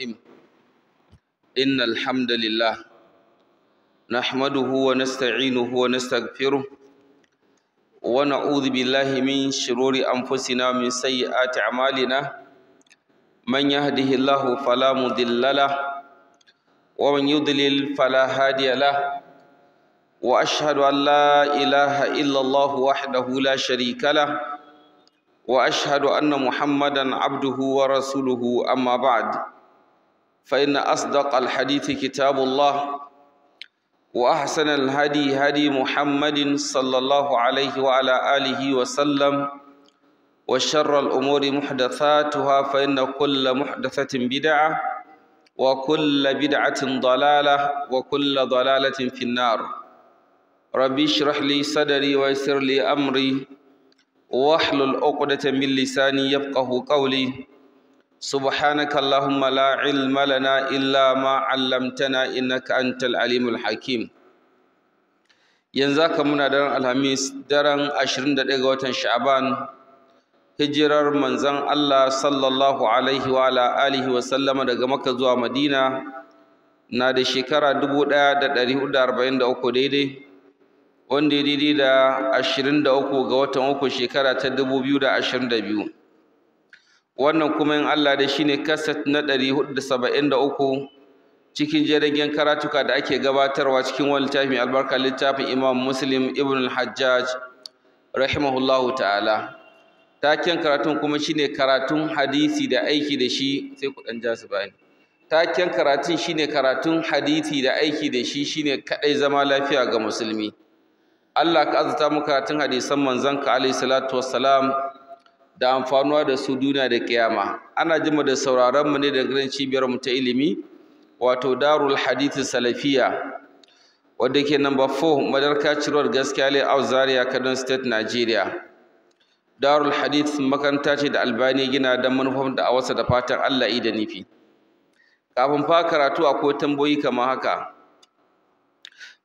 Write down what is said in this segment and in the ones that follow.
الرحيم إن الحمد لله نحمده ونستعينه ونستغفره ونعوذ بالله من شرور أنفسنا من سيئات أعمالنا من يهده الله فلا مضل له ومن يضلل فلا هادي له وأشهد أن لا إله إلا الله وحده لا شريك له واشهد ان محمدا عبده ورسوله اما بعد فإن أصدق الحديث كتاب الله وأحسن الهدي هدي محمد صلى الله عليه وعلى آله وسلم وشر الأمور محدثاتها فإن كل محدثة بدعة وكل بدعة ضلالة وكل ضلالة في النار ربي اشرح لي صدري ويسر لي أمري واحلل عقدة من لساني يفقه قولي سبحانك اللهم لا علم لنا إلا ما علمتنا إنك أنت العليم الحكيم yanzu haka muna daren alhamis daren 21 ga watan sha'aban hijirar manzon Allah sallallahu alaihi wa ala alihi wa sallama daga Makka zuwa Madina na da shekara 1443 daidai wanda ya daidai da 23 ga watan uku shekara ta 2022 wannan kuma in Allah da shine kaset na 473 cikin jiragen karatuka da ake gabatarwa cikin wani littafi albarka littafin Imam Muslim Ibn al-Hajjaj rahimahullahu ta'ala taken karatun kuma shine karatun hadisi da aiki da shi sai ku dan ja su bayani taken karatun shine karatun hadisi da aiki da shi shine kadai zama lafiya ga musulmi Allah ka azata mu karatun hadisan manzanka alaihi salatu wassalam da amfanuwa da su duniya da kiyama ana jima da sauraron mu ne da gidan cibiyar mu ta ilimi wato Darul Hadith Salafiya wadda ke number 4 madarka cirwar gaskiya le Zaria Kaduna State Nigeria Darul Hadith makaranta ce da Albani gina don manufar da awasa da fatan Allah yi da nufi kafin fa karatu akwai tamboyi kamar haka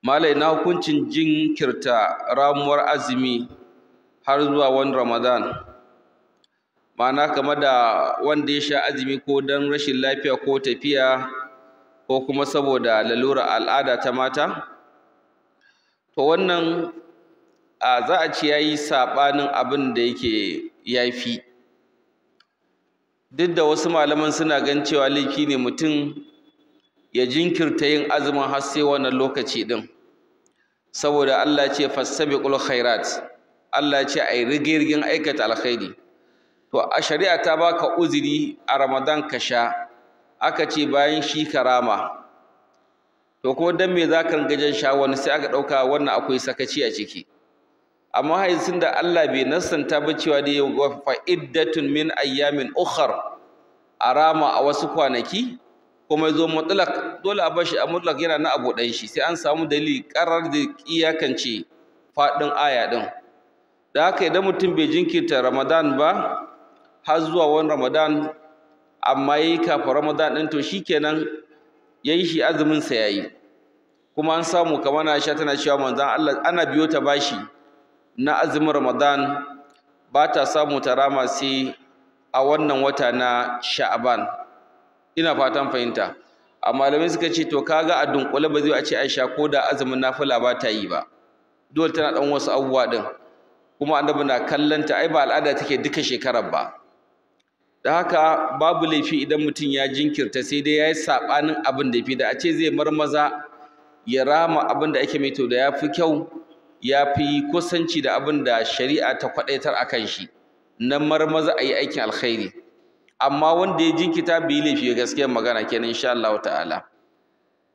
Malai na hukuncin jinkirta ramuwar azumi har zuwa wani Ramadan ma'ana kamar da wanda ya sha azumi ko don rashin lafiya ko tafiya ko kuma saboda lalura al'ada ta mata to wannan a za a ce ya yi saɓanin abin da yake yafi duk da wasu malaman suna gan cewa laifi ne mutum ya jinkirta yin azumin har sai wannan lokaci ɗin saboda Allah ce fastabiqul khairat Allah ce ai rigirgin aikata alkhairi to a shari'a ta baka uzuri a ramadan ka sha aka ce bayan shi karama to kuma dan me za ka ringa sha wani sai aka ɗauka wannan akwai sakaci a ciki amma sun da Allah bai nassanta ba cewa da wa fa'iddatun min ayyamin ukhar arama a wasu kwanaki kuma zo mutlaq dole a bashi a mutlaq yana na abu dan shi sai an samu dalili karar da iyakance faɗin aya din da haka idan mutum bai jinkirta Ramadan ba har zuwa wani ramadan amma ya yi kafin ramadan ɗin to shi kenan ya yi shi azuminsa ya yi kuma an samu kamar na sha tana cewa manzan Allah ana biyo ta bashi na azumin ramadan ba ta samu ta rama sai a wannan wata na sha'aban ina fatan fahimta a malamai suka ce to kaga a dunkule ba zai a ce sha ko da azumin nafila ba ta yi ba dole tana ɗan wasu abubuwa din, kuma annabi na kallonta ai ba al'ada take duka shekarar ba da haka babu laifi idan mutum ya jinkirta sai dai ya yi saɓanin abin da fi da a ce zai marmaza ya rama abin da ake mai to da ya fi kyau ya fi kusanci da abin da shari'a ta kwaɗaitar a kan shi na marmaza a yi aikin alkhairi amma wanda ya jinkita bai laifi gaskiyar magana kenan insha Allah ta'ala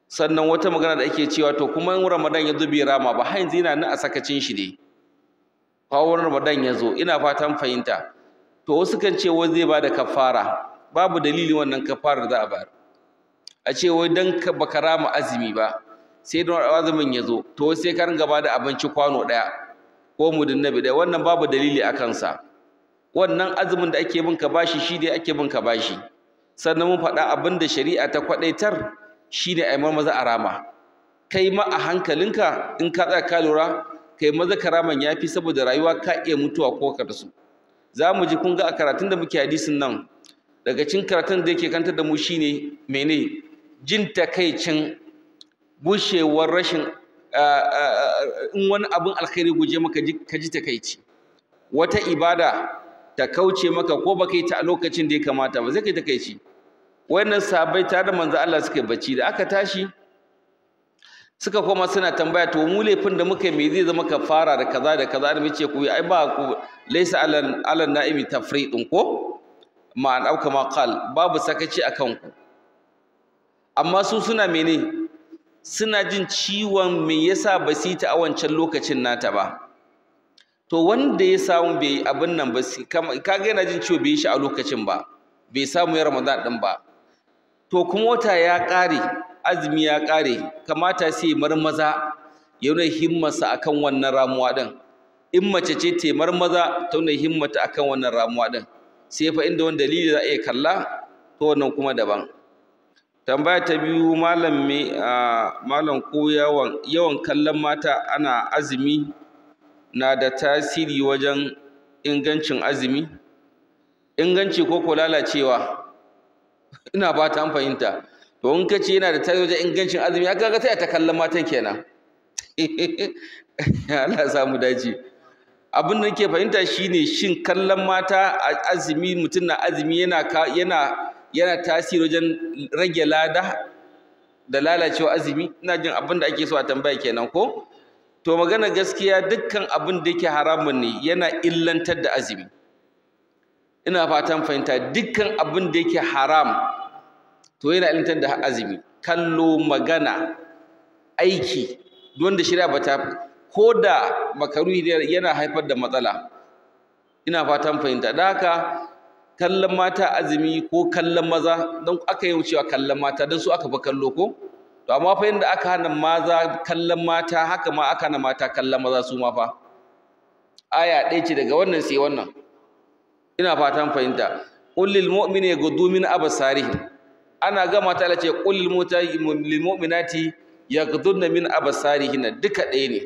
sannan wata magana da ake cewa to kuma in Ramadan ya zo bai rama ba har zina yana nan a sakacin shi ne kawo Ramadan ya zo ina fatan fahimta to wasu kan ce wai zai bada kafara babu dalili wannan kafarar za a bayar a ce wai dan baka rama azumi ba sai don azumin ya zo to sai ka ringa da abinci kwano ɗaya ko mudin nabi ɗaya wannan babu dalili a kansa wannan azumin da ake bin ka bashi shi ne ake bin ka bashi sannan mun faɗa abin da shari'a ta kwaɗaitar shi ne a maza a rama kai ma a hankalinka in ka tsaya ka lura kai maza karaman ya fi saboda rayuwa ka iya mutuwa ko ka rasu za mu ji kun ga a karatun da muke hadisin nan daga cin karatun da yake kantar da mu shine mene jin takaicin bushewar rashin in wani abin alkhairi guje maka ka ji takaici wata ibada ta kauce maka ko baka yi ta a lokacin da ya kamata ba zai kai takaici wannan sabai tare da manzo Allah suka bacci da aka tashi suka koma suna tambaya to mu laifin da muka me zai zama ka fara da kaza da kaza da ce ku ai ba ku laysa alan alan na'imi tafridun ko ma an auka ma qal babu sakaci akan ku amma su suna mene suna jin ciwon me yasa ba su ta a wancan lokacin nata ba to wanda ya samu bai abin nan ba kaga yana jin ciwo bai shi a lokacin ba bai samu ya ramadan din ba to kuma wata ya kare. azumi ya ƙare kamata sai marmaza ya nuna himmarsa akan wannan ramuwa ɗin in mace ce ta marmaza ta nuna himmata akan wannan ramuwa ɗin sai fa inda wani dalili za a iya kalla to wannan kuma daban tambaya ta biyu malam me malam ko yawan yawan kallon mata ana azumi na da tasiri wajen ingancin azumi inganci ko ko lalacewa ina ba ta fahimta to in ce yana da tayi wajen ingancin azumi aka ga taya ta kallon matan kenan Allah ya samu dace abin da nake fahimta shine shin kallon mata azumi mutum na azumi yana yana yana tasiri wajen rage lada da lalacewa azumi ina jin abin da ake so a tambaya kenan ko to magana gaskiya dukkan abin da yake haramun ne yana illantar da azumi ina fatan fahimta dukkan abin da yake haram to yana ilimtar da azumi kallo magana aiki wanda shirya ba ta ko da makaru yana haifar da matsala ina fatan fahimta da haka kallon mata azumi ko kallon maza don aka yi wucewa kallon mata don su aka fi kallo ko to amma fa yadda aka hana maza kallon mata haka ma aka hana mata kallon maza su ma fa aya ɗaya ce daga wannan sai wannan ina fatan fahimta qul lil mu'mini yaghuddu min absarihim ana gama ta ce qul lil mu'minati yaghdudna min absarihinna duka ɗaya ne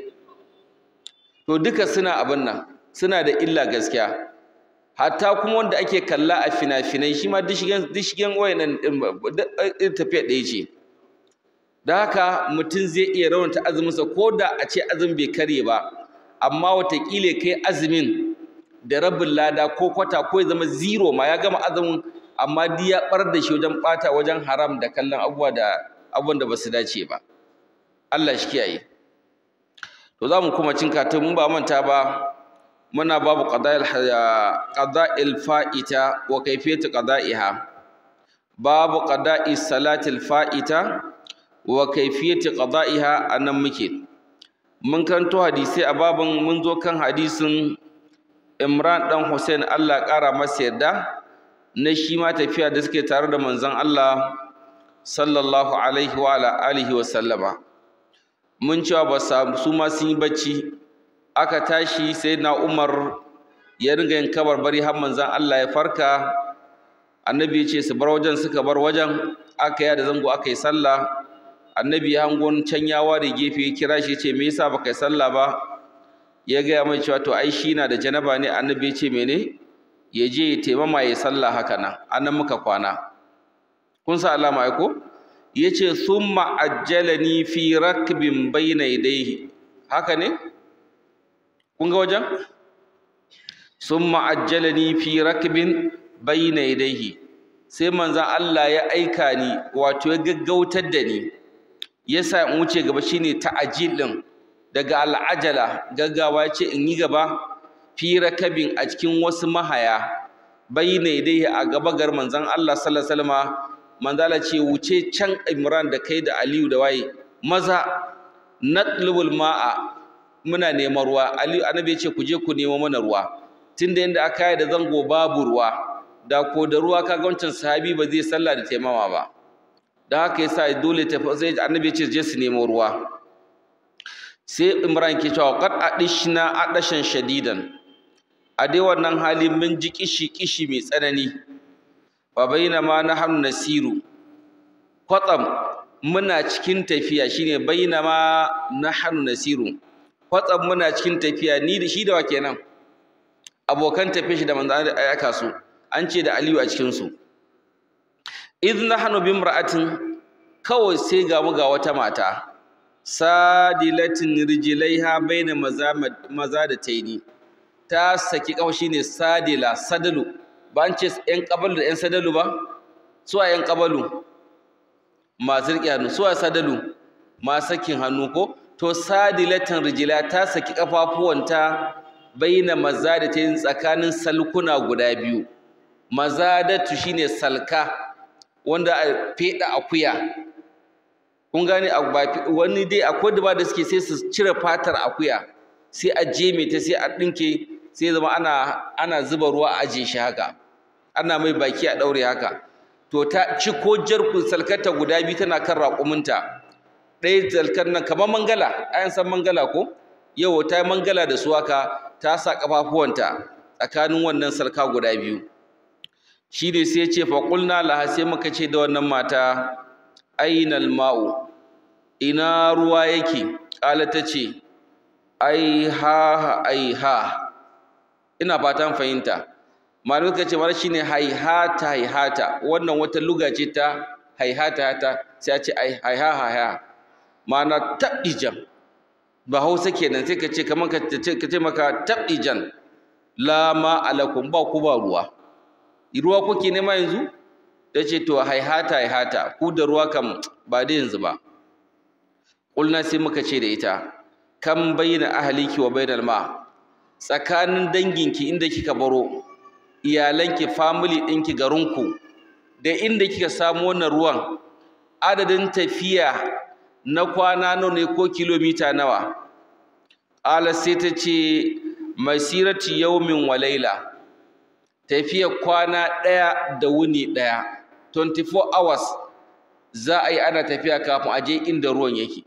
to duka suna abin nan suna da illa gaskiya hatta kuma wanda ake kalla a fina-finai shi ma dishigen wayannan eh, tafiya ɗaya ce da haka mutum zai iya raunta azuminsa ko da a ce azumin bai kare ba amma watakila kai azumin da rabin lada ko kwata ko ya zama ziro ma ya gama azumin amma duk ya bar da shi wajen bata wajen haram da kallon abubuwa da abun da basu dace ba Allah shi kiyaye to zamu kuma cinka ta mun ba manta ba muna babu qada'il qada'il fa'ita wa kayfiyatu qada'iha babu qada'i salatil fa'ita wa kayfiyatu qada'iha anan muke mun kanto hadisi a babin mun zo kan hadisin Imran dan Hussein Allah ƙara masa yarda na shi ma tafiya da suke tare da manzon Allah sallallahu alaihi wa alihi wa sallama mun cewa ba su ma sun yi bacci aka tashi sai na Umar ya ringa yin kabar bari har manzon Allah ya farka annabi ya ce su bar wajen suka bar wajen aka yada zango aka yi sallah annabi ya hangon can ya ware gefe kira shi ce me yasa baka yi sallah ba ya gaya mai cewa to ai shi na da janaba ne annabi ya ce mene ya je ya taimama ya sallah haka nan anan muka kwana kun sa alama ai ko yace summa ajjalani fi rakbin bayna yadayhi haka ne kun ga wajen summa ajjalani fi rakbin bayna yadayhi sai manzon Allah ya aika ni wato ya gaggautar da ni yasa in wuce gaba shine ta din daga al'ajala gaggawa ce in yi gaba Fira kabin a cikin wasu mahaya bai ne dai a gaba gar manzon Allah sallallahu alaihi wasallam manzala ce wuce can Imran da kai da Aliyu da waye maza natlubul ma'a muna neman ruwa Aliyu annabi ya ce ku je ku nemo mana ruwa tunda yanda aka yi da zango babu ruwa da ko da ruwa kaga wancan sahabi ba zai sallah da taimama ba da haka yasa dole ta sai annabi ya ce je su nemo ruwa sai Imran ke cewa qad adishna adashan shadidan a dai wannan hali mun ji kishi kishi mai tsanani na hannu na nasiru kwatsam muna cikin tafiya shine hannu na nasiru kwatsam muna cikin tafiya ni da shi da wa nan. abokan tafiya shi da manzo da ya kasu an ce da Aliyu a cikinsu. cikin na hannu bin bimra'atin kawai sai ga ga wata mata sadilatin rijlaiha baina maza maza da taini ta saki kafa shine sadila sadalu ba an ce yan kabalu da yan sadalu ba Su a yan kabalu masu riƙe hannu Su a sadalu masu sakin hannu ko to sadilatan rijila ta saki kafafuwanta ta yi tsakanin salkuna guda biyu mazadatu shine salka wanda a feɗa akuya kun gane wani dai akwai da ba da suke sai su cire fatar akuya sai a jeme ta sai a ɗinke sai zama ana ana zuba ruwa a aje shi haka ana mai baki a daure haka to ta ci ko jarkun salkata guda biyu tana kan raƙuminta ɗaya salkar nan kamar mangala ayan san mangala ko yau ta mangala da su haka ta sa kafafuwanta tsakanin wannan salka guda biyu shi ne sai ce faƙulna laha sai muka ce da wannan mata ainal ma'u ina ruwa yake ƙala ta ce ai ha ai ha ina fatan fahimta malamai suka ce mara shine haihata haihata wannan wata luga ce ta haihata hata sai a ce haiha haiha ma'ana jan. ba hausa kenan sai ka ce kamar ka ce maka jan. la ma alakum ba ku ba ruwa ruwa kuke nema yanzu ta ce to haihata haihata ku da ruwa kam ba da yanzu ba ƙulna sai muka ce da ita kan bayyana ahaliki wa bayyana ma tsakanin danginki inda kika baro iyalanki family ɗinki garinku da inda kika samu wannan ruwan adadin tafiya na kwana nawa ne ko kilomita nawa ala sai ta ce masirati yaumin wa laila tafiya kwana ɗaya da wuni ɗaya 24 hours za a yi ana tafiya kafin a je inda ruwan yake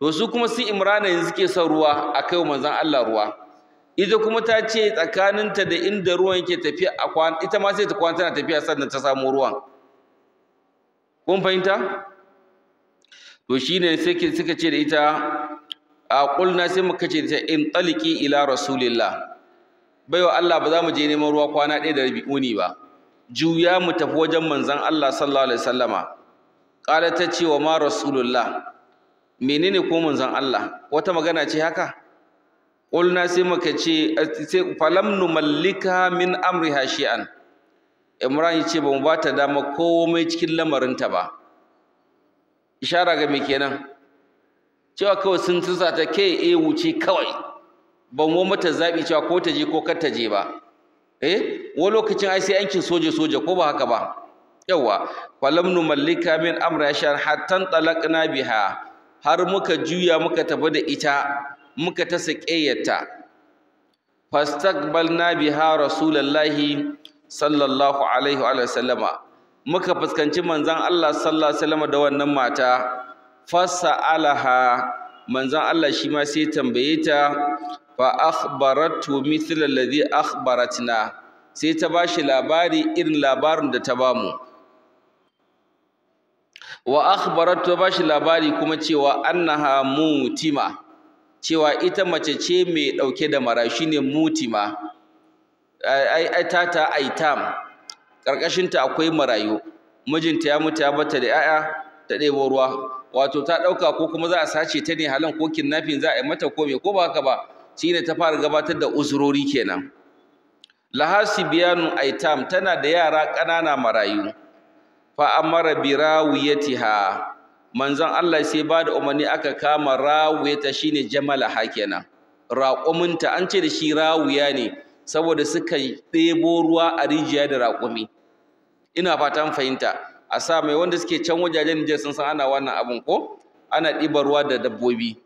to su kuma sun imrana yanzu ke son ruwa a kai manzon Allah ruwa ita kuma ta ce tsakaninta da inda ruwan yake tafiya a kwan ita ma sai ta kwana tana tafiya sannan ta samu ruwan kun fahimta to shine sai suka ce da ita a kulna sai mu kace da in taliki ila rasulillah baiwa Allah ba za mu je neman ruwa kwana ɗaya da rabi uni ba juya mu tafi wajen manzon Allah sallallahu alaihi wasallama qala ta ce wa ma rasulullah menene ko manzon Allah wata magana ce haka ƙulna sai muka ce falam numallika min hashi an. imran ya ce ba mu ba ta dama komai cikin lamarinta ba ishara ga me kenan cewa kawai sun tusa ta ke e wuce kawai ban mu mata zaɓi cewa ko ta je ko kar ta je ba eh wani lokacin ai sai yankin soja soja ko ba haka ba yawa falam numallika min amri shi'an hatta talaqna biha har muka juya muka tafi da ita muka ta saƙeyata fastaqbalna biha rasulullahi sallallahu alaihi wa sallama muka fuskanci manzon Allah sallallahu alaihi wasallam da wannan mata fasalaha manzon Allah shi ma sai tambaye ta fa akhbaratu mithl alladhi akhbaratna sai ta bashi labari irin labarin da ta bamu wa akhbaratu bashi labari kuma cewa annaha mutima cewa ita mace ce mai ɗauke da mara shine mutima ai ta aitam ƙarƙashinta akwai marayu mijinta ya mutu ya bata da 'ya'ya ta ɗebo ruwa wato ta ɗauka ko kuma za a sace ta ne halin ko kidnapping za a yi mata ko mai ko ba haka ba shine ta fara gabatar da uzurori kenan lahasi biyanu aitam tana da yara ƙanana marayu fa amara birawiyatiha manzon Allah sai ba da umarni aka kama rawuyata shine jamala hakena raƙuminta an ce da shi rawuya ne saboda suka ɗebo ruwa a rijiya da raƙumi ina fatan fahimta a sa mai wanda suke can wajajen Nijar sun san ana wannan abin ko ana ɗiba ruwa da dabbobi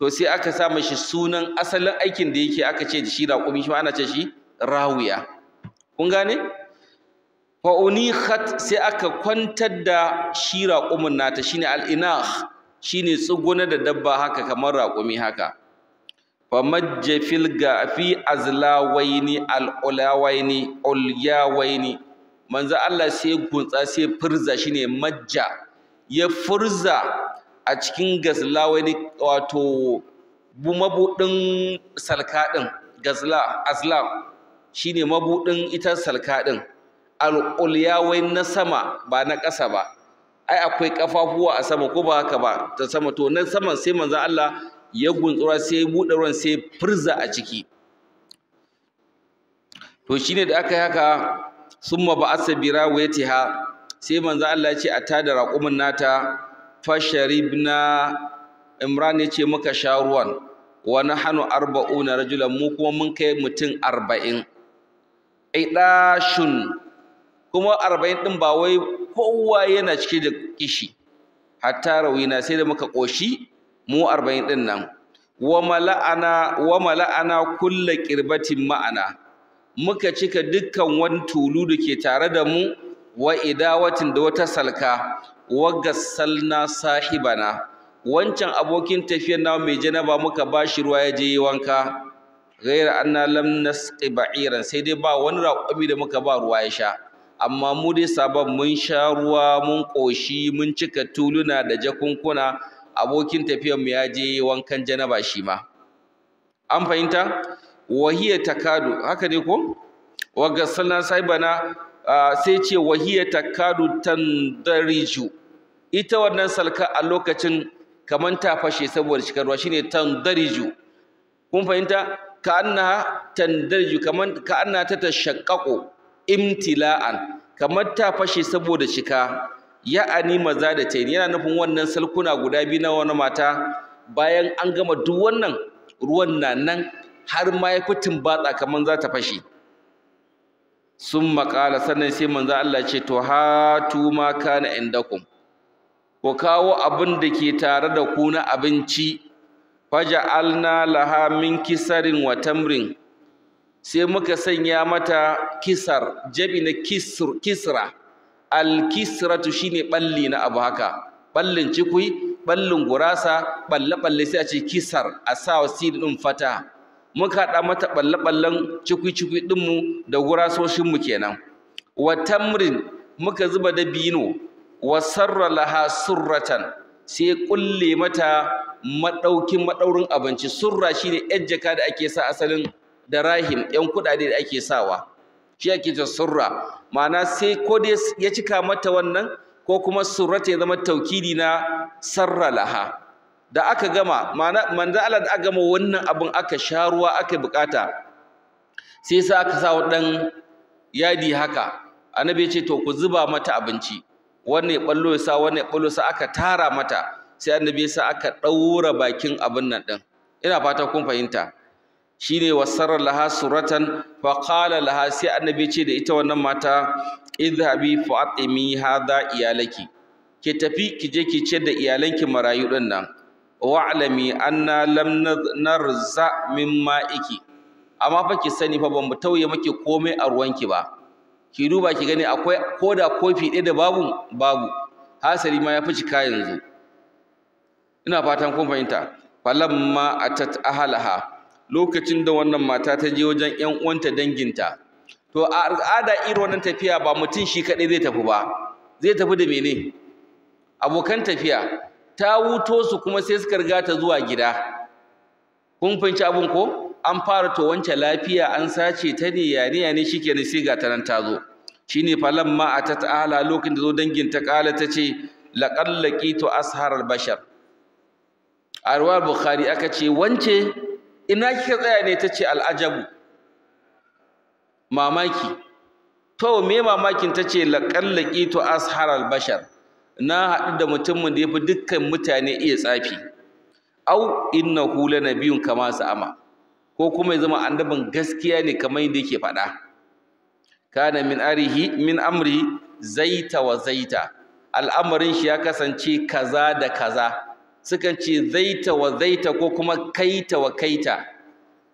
to sai aka sa shi sunan asalin aikin da yake aka ce da shi raƙumi shi ma ana ce shi rawuya. kun gane fa unikhat sai aka kwantar da shi raƙumin nata shine al’inah shi ne tsuguna da dabba haka kamar raƙumi haka fa majja fil gafi azlawaini al ulyawai ulyawaini manzan Allah sai guntsa sai furza ne majja ya furza a cikin gazlawaini wato mabudin salkaɗin gazla azla ne mabuɗin ita salkaɗin alƙulyawai na sama ba na ƙasa ba ai akwai ƙafafuwa a sama ko ba haka ba ta sama to na saman sai manzo Allah ya guntsura sai buɗe ruwan sai firza a ciki to shine da aka yi haka summa ba'asa birawatiha sai manzo Allah ya ce a tada raƙumin nata fasharibna Imran ya ce muka sha ruwan wa nahnu arba'una rajulan mu kuma mun kai mutum arba'in idashun kuma arba'in ɗin ba wai kowa yana cike da kishi hatta rawina sai da muka ƙoshi mu arba'in ɗin nan wa mala'ana wa mala'ana kulla ma'ana muka cika dukkan wani tulu da ke tare da mu wa idawatin da wata salka wa gassalna sahibana wancan abokin tafiyar na mai janaba muka ba shi ruwa ya je yi wanka Gaira anna lam nasqi ba'iran sai dai ba wani raƙumi da muka ba ruwa ya sha amma mu dai sabon mun sha ruwa mun ƙoshi mun cika tuluna da jakunkuna abokin mu ya je wankan janaba shi ma an fahimta wahiya takadu haka ne ko wa gassalna saibana sai ce wahiya takadu tandariju ita wannan salka a lokacin kaman ta fashe saboda cikar ruwa shine tandariju kun fahimta ka annaha tandariju kaman ka annaha ta tashaqqaqu imtila'an kamar ta fashe saboda cika, ya'ani maza da tayin yana nufin wannan salkuna guda biyu na wani mata bayan an gama duk wannan ruwan na nan har ma ya fitin batsa kamar za ta fashe sun maƙala sannan sai manzo Allah ce to hatu ma kana indakum ku kawo abin da ke tare da ku na abinci faja'alna laha min kisarin wa tamrin sai muka sanya mata kisar jabi na kisra alkisratu shine balli na abu haka ballin cikui ballin gurasa balle balle sai a ce kisar a sa wa din fata muka haɗa mata balle ballen cikui cikui din da gurasoshin mu kenan wa tamrin muka zuba da bino wa sarra laha surratan sai kulle mata madaukin madaurin abinci surra shine yar jaka da ake sa asalin da rahim yan kuɗaɗe da ake sawa shi ake ce surra ma'ana sai ko dai ya cika mata wannan ko kuma surrata ya zama taukidi na sarra laha da aka gama ma'ana manzo Allah da aka gama wannan abin aka sha ruwa aka bukata sai sa aka sa dan yadi haka annabi ya ce to ku zuba mata abinci wannan ya ballo ya sa wannan ya ballo sa aka tara mata sai annabi ya sa aka daura bakin abin nan din ina fata kun fahimta shine wasarar laha suratan fa laha sai annabi ce da ita wannan mata idhabi fa atimi hadha iyalaki ki tafi ki je ki ce da iyalanki marayu din nan wa'lami anna lam narza min ma'iki amma fa ki sani fa ban mu tauye maki komai a ruwanki ba ki duba ki gani akwai koda kofi ɗaya da babu babu hasari ma ya fi cika yanzu ina fatan kun fahimta falamma atat ahalaha lokacin da wannan mata ta je wajen ƴan uwanta danginta to a al'ada irin wannan tafiya ba mutum shi kaɗai zai tafi ba zai tafi da mene abokan tafiya ta wuto su kuma sai suka riga ta zuwa gida kun fahimci abin ko an fara to wancan lafiya an sace ta ne yare-yare ya ne shikenan sai ga ta nan ta zo shine lamma atat ala lokacin da zo dangin ta kala ta ce laqallaqitu ashar al bashar a bukhari aka ce wance ina kika tsaya ne ta ce al'ajabu mamaki to me mamakin ta ce laƙallaƙi to asharal bashar na haɗu da mutumin da ya fi dukkan mutane iya tsafi au hula na biyun kama ama ko kuma ya zama annabin gaskiya ne kamar yadda yake faɗa kana min arihi min amri zaita wa zaita al'amarin shi ya kasance kaza da kaza sukan ce zaita wa zaita ko kuma kaita wa kaita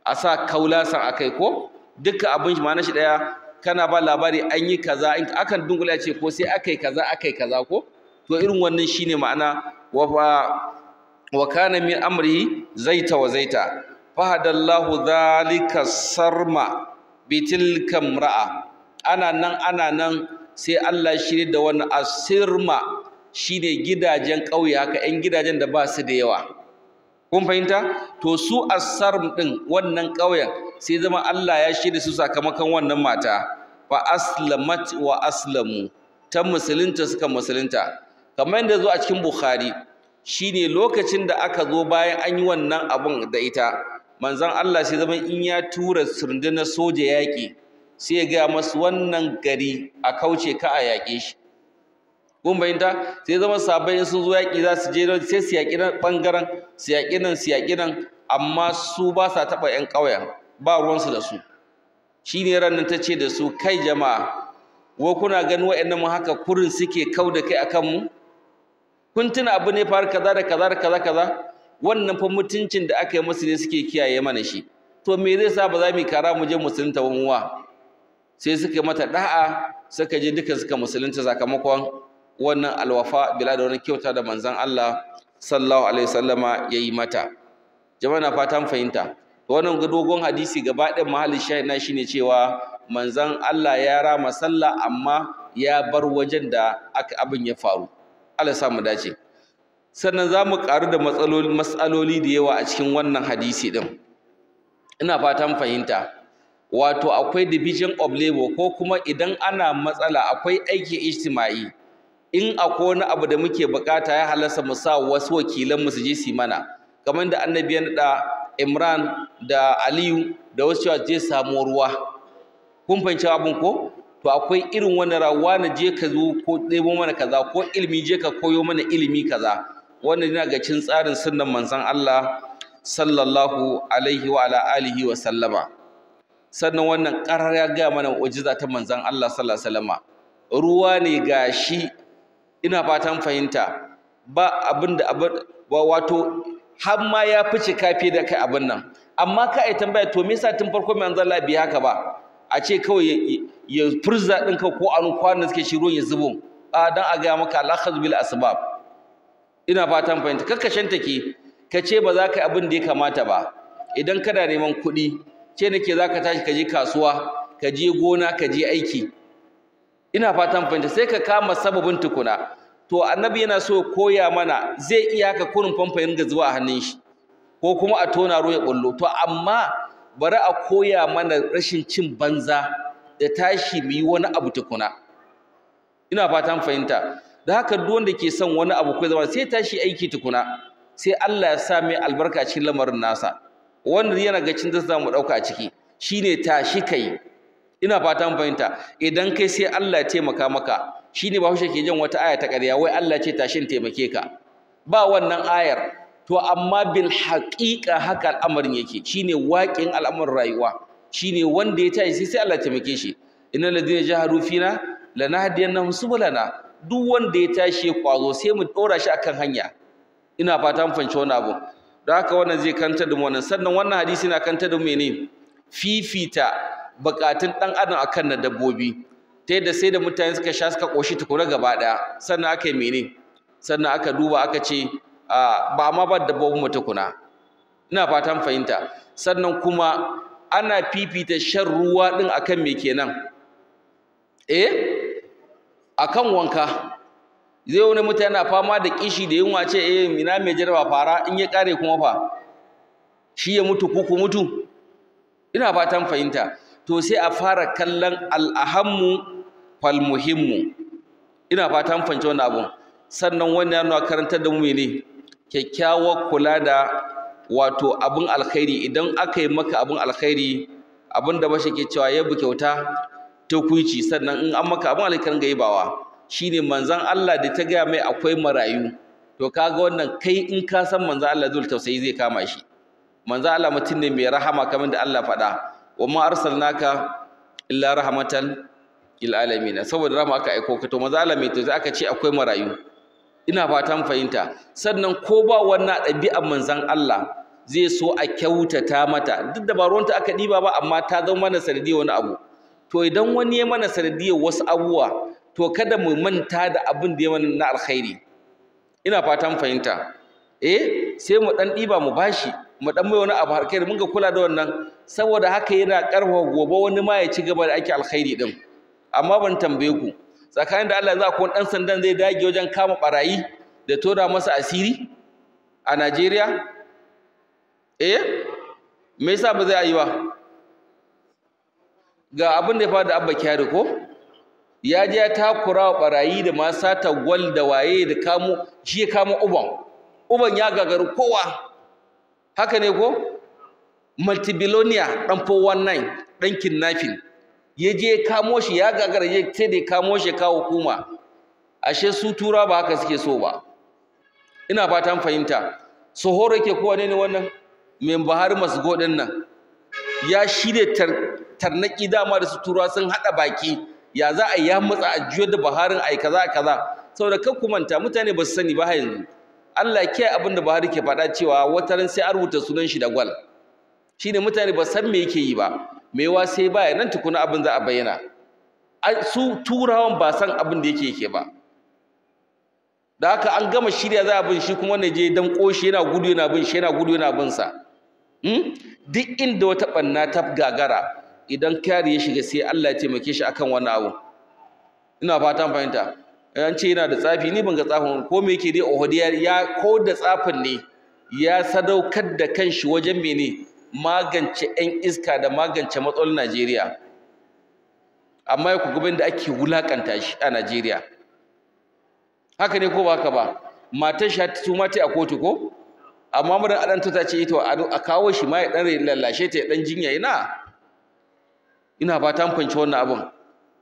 a sa kaulasan a kai ko duka abin ma'ana shi ɗaya kana ba labari an yi kaza akan dunkula ce ko sai aka yi kaza aka yi kaza ko to irin wannan shi ne ma'ana wa kana min amri zaita wa zaita fahadallahu zalika sarma bitilka ra'a. ana nan ana nan sai Allah ya shirye da wannan asirma shine gidajen ƙauye haka yan gidajen da ba su da yawa kun fahimta to su asarm ɗin wannan ƙauyen sai zama Allah ya shirya su sakamakon wannan mata fa aslamat wa aslamu ta musulunta suka musulunta kamar yadda zo a cikin Bukhari shine lokacin da aka zo bayan an yi wannan abun da ita manzon Allah sai zama in ya tura na soja yaƙi sai ya gaya masu wannan gari a kauce ka a yaƙe shi kun bayyanta sai zama sabai sun zo yaƙi za su je sai su yaƙi nan ɓangaren su yaƙi nan su yaƙi nan amma su ba sa taɓa 'yan ƙauyen ba ruwansu da su shi ne ranar ta ce da su kai jama'a Wa kuna ganin wa'annan mu haka kurin suke kau da kai akan mu kun tuna abu ne fara kaza da kaza da kaza kaza wannan fa mutuncin da aka yi musu ne suke kiyaye mana shi to me zai sa ba za mu kara mu je musulunta sai suka mata da'a suka je duka suka musulunta sakamakon wannan alwafa bila da wani kyauta da manzan Allah sallallahu alaihi wasallama yayi mata jama'a na fatan fahimta wannan dogon hadisi gaba ɗin mahallin shahid na shine cewa Manzan Allah ya rama sallah amma ya bar wajen da aka abin ya faru Allah ya sa mu dace sannan za mu ƙaru da matsaloli da yawa a cikin wannan hadisi ɗin ina fatan fahimta wato akwai division of labor ko kuma idan ana matsala akwai aiki ijtima'i in akwai wani abu da muke bukata ya halasta mu sa wasu wakilan mu su je su mana kamar da annabi ya nada Imran da Aliyu da wasu cewa je samu ruwa kun fahimci abun ko to akwai irin wani rawa na je ka zo ko ɗebo mana kaza ko ilimi je ka koyo mana ilimi kaza wannan yana ga cin tsarin sunnan manzon Allah sallallahu alaihi wa ala alihi wa sallama sannan wannan ƙarar ya ga mana ujiza ta manzon Allah sallallahu alaihi wa sallama ruwa ne gashi ina fatan fahimta ba abin da wato har ma ya fi cika da kai abin nan amma ka ai tambaya to me yasa tun farko mai an Allah bai haka ba a ce kawai ya furza din ka ko an kwana suke shiro ya zubo a dan a ga maka al bil asbab ina fatan fahimta kakkashin take ka ce ba za ka yi abin da ya kamata ba idan kana neman kuɗi ce nake za ka tashi ka je kasuwa ka je gona ka je aiki ina fatan fahimta sai ka kama sababin tukuna to annabi yana so koya mana zai iya ka kurin famfa ya zuba a hannun shi ko kuma a tona ruwa ya bullo to amma bari a koya mana rashin cin banza da tashi mu yi wani abu tukuna ina fatan fahimta da haka duk wanda ke son wani abu ko zama sai tashi aiki tukuna sai Allah ya sa mai albarka cikin lamarin nasa Wanda yana ga cin da za mu dauka a ciki shine tashi kai ina fata mun fahimta idan kai sai Allah ya taimaka maka shine Bahaushe ke jin wata aya ta ƙarya wai Allah ce tashin taimake ka ba wannan ayar to amma bil haqiqa haka al'amarin yake shine waƙin al'amarin rayuwa shine wanda ya tashi sai sai Allah ya taimake shi innal ladina jaharu fina lanahdiyannahum subulana duk wanda ya tashi kwazo sai mu dora shi akan hanya ina fata mun fanci wannan abu don haka wannan zai kantar da mu wannan sannan wannan hadisi na kantar da mu menene fifita bukatun dan adam akan na dabbobi ta yadda sai da mutane suka sha suka koshi tukuna gaba daya sannan aka yi mene sannan aka duba aka ce ba ma ba dabbobin mu tukuna ina fatan fahimta sannan kuma ana fifita shan ruwa din akan me kenan eh akan wanka zai wani mutane na fama da kishi da yunwa ce eh mina mai jaraba fara in ya kare kuma fa shi ya mutu ku mutu ina fatan fahimta to sai a fara kallon al'ahammu falmuhimmu ina fata fahimci wannan abun sannan wannan yana karantar da mu mene kyakkyawar kula da wato abin alkhairi idan aka yi maka abin alkhairi abin da bashi ke cewa yabu kyauta ta kuici sannan in an maka abin alkhairi ga Shi shine manzon Allah da ta gaya mai akwai marayu to kaga wannan kai in ka san manzon Allah zul tausayi zai kama shi manzon Allah mutum ne mai rahama kamar da Allah faɗa wa ma arsalnaka illa rahmatan lil alamin saboda rama aka aiko ka to maza alamin to aka ce akwai marayu ina fatan fahimta sannan ko ba wannan ɗabi'ar manzon Allah zai so a kyautata mata duk da ba aka ɗiba ba amma ta zama mana sardi wani abu to idan wani ya mana sardi wasu abuwa, to kada mu manta da abin da ya mana na alkhairi ina fatan fahimta eh sai mu dan ɗiba mu bashi mu dan mai wani abu harkar mun ga kula da wannan saboda haka yana karfafa gobe wani ma ya ci gaba da ake alkhairi din amma ban tambaye ku tsakanin da Allah za ku dan sandan zai dage wajen kama barayi da tora masa asiri a Najeriya eh me yasa ba zai yi ba ga abin da ya faru da Abba Kyari ko ya je ya takura wa barayi da masata sata gwal da waye da kamo shi ya kamo uban uban ya gagaru kowa haka ne ko Maltibiloniya dan 419 ɗan kidnapping ya je kamo shi ya gagara ya sai da kamo shi ka hukuma ashe su tura ba haka suke so ba ina fatan fahimta horo yake kowa ne wannan mai bahar masgo din nan ya shirya tarnaki dama da su tura sun hada baki ya za a yi ya matsa a juyar da baharin ai kaza kaza saboda kan kumanta mutane ba su sani ba yanzu Allah kiyaye abin da Buhari ke faɗa cewa wata ran sai a rubuta sunan shi da gwal shine mutane ba san me yake yi ba mewa sai baya nan tukuna abin za a bayyana su turawan ba san abin da yake yake ba da haka an gama shirya za a bin shi kuma wanda je dan koshi yana gudu yana bin shi yana gudu yana bin sa hmm? duk inda wata banna ta gagara idan kare ya shiga sai Allah ya taimake shi akan wani abu ina fatan fahimta an ce yana da tsafi ni ban ga tsafin ko me yake dai Uhudiyar ya ko da tsafin ne ya sadaukar da kanshi wajen mene magance ɗan iska da magance matsalolin Najeriya amma ya kugubin da ake wulakanta shi a Najeriya haka ne ko ba haka ba matar shi ta tuma ta a kotu ko amma mun adan ta ce ita a kawo shi ma ya dan lallashe ta ya dan jinya ina ina ba ta fanci wannan abun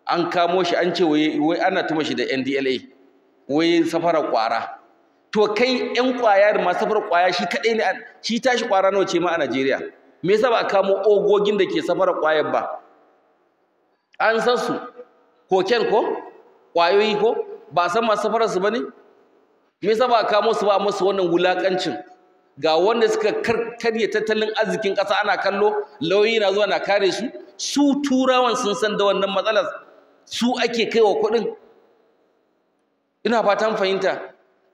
an kamo shi an ce wai ana tuma shi da NDLA wai safara kwara to kai yan kwaya da ma safara kwaya shi kadai ne shi tashi kwara nawa ce ma a Najeriya me yasa ba a kamo ogogin da ke safara kwayar ba an san su koken ko kwayoyi ko ba san masu safarar su bane me yasa ba a kamo su ba musu wannan wulakancin ga wanda suka karkarye tattalin arzikin ƙasa ana kallo lauyi na zuwa na kare su su turawan sun san da wannan matsalar su ake kaiwa kuɗin ina fatan fahimta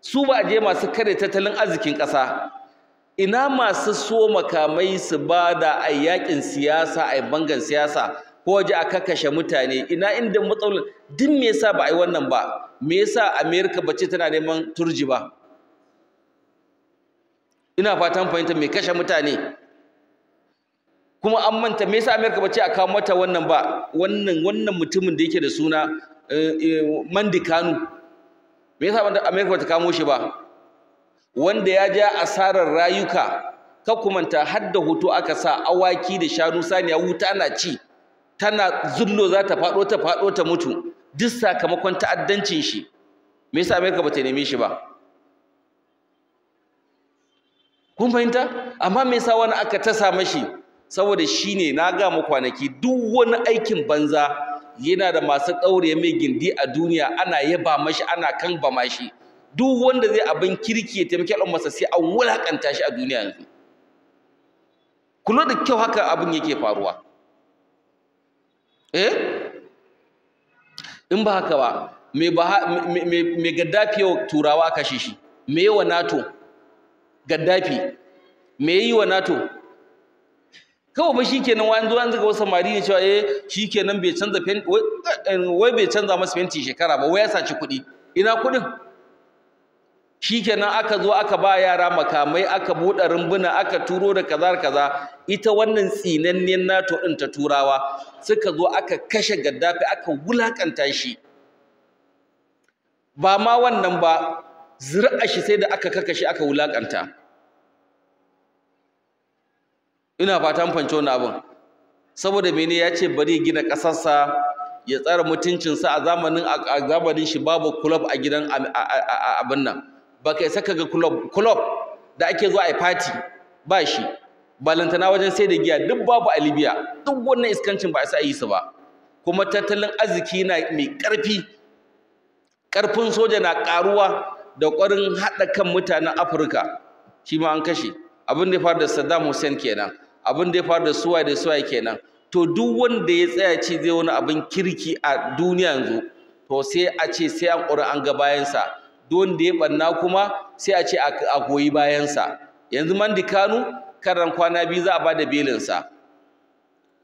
su ba je masu kare tattalin arzikin ƙasa ina masu so makamai su ba da a yaƙin siyasa a bangan siyasa ko waje a kakashe mutane ina inda matsalolin duk me yasa ba a yi wannan ba me yasa Amerika bace tana neman turji ba ina fatan fahimta me kashe mutane kuma an manta me yasa America bace a kawo mata wannan ba wannan wannan mutumin da yake da suna eh, eh, Mandikanu me yasa America bata kamo shi ba wanda ya ja asarar rayuka ka kumanta har da hoto aka sa awaki da shanu saniya wuta na ci tana zullo za ta faɗo ta faɗo ta mutu duk sakamakon ta'addancin shi me yasa ba bata neme shi ba kun fahimta amma me yasa wani aka ta sa mashi saboda shine na ga mu kwanaki duk wani aikin banza yana da masu daure mai gindi a duniya ana yaba mashi ana kan ba mashi duk wanda zai abin kirki ya taimaki al'ummarsa sai an wulakanta shi a duniya yanzu kula da kyau haka abin yake faruwa eh in ba haka ba me gaddafi yau turawa kashe shi me yi wa nato gaddafi me yi wa nato kawai ba shikenan wani zuwa yanzu ga wasu samari ne cewa eh shikenan bai canza eh, wai bai canza masa fenti shekara ba wai ya saci kuɗi ina kuɗin shikenan aka zo aka ba yara makamai aka buɗe rumbuna aka turo da kaza kaza ita wannan tsinanniyar NATO ɗin ta turawa suka zo aka kashe Gaddafi aka wulakanta shi ba ma wannan ba zuri'a shi sai da aka kakashi aka wulakanta ina fata an wannan abin saboda mene ya ce bari gina kasarsa ya tsara mutuncinsa a zamanin a zamanin shi babu club a gidan abin nan ba kai saka ga club club da ake zuwa a party ba shi balantana wajen sai da giya duk babu a Libya duk wannan iskancin ba a sa yi su ba kuma tattalin arziki na mai karfi karfin soja na karuwa da ƙwarin haɗa kan mutanen Afirka shi ma an kashe abin da ya faru da Saddam Hussein kenan abin da ya faru da suwaye da suwaye kenan to duk wanda ya tsaya ce zai wani abin kirki a duniya yanzu to sai a ce sai an ƙura an ga bayansa don da ya ɓanna kuma sai a ce a goyi bayansa yanzu mandi kanu karan kwana biyu za a ba da belinsa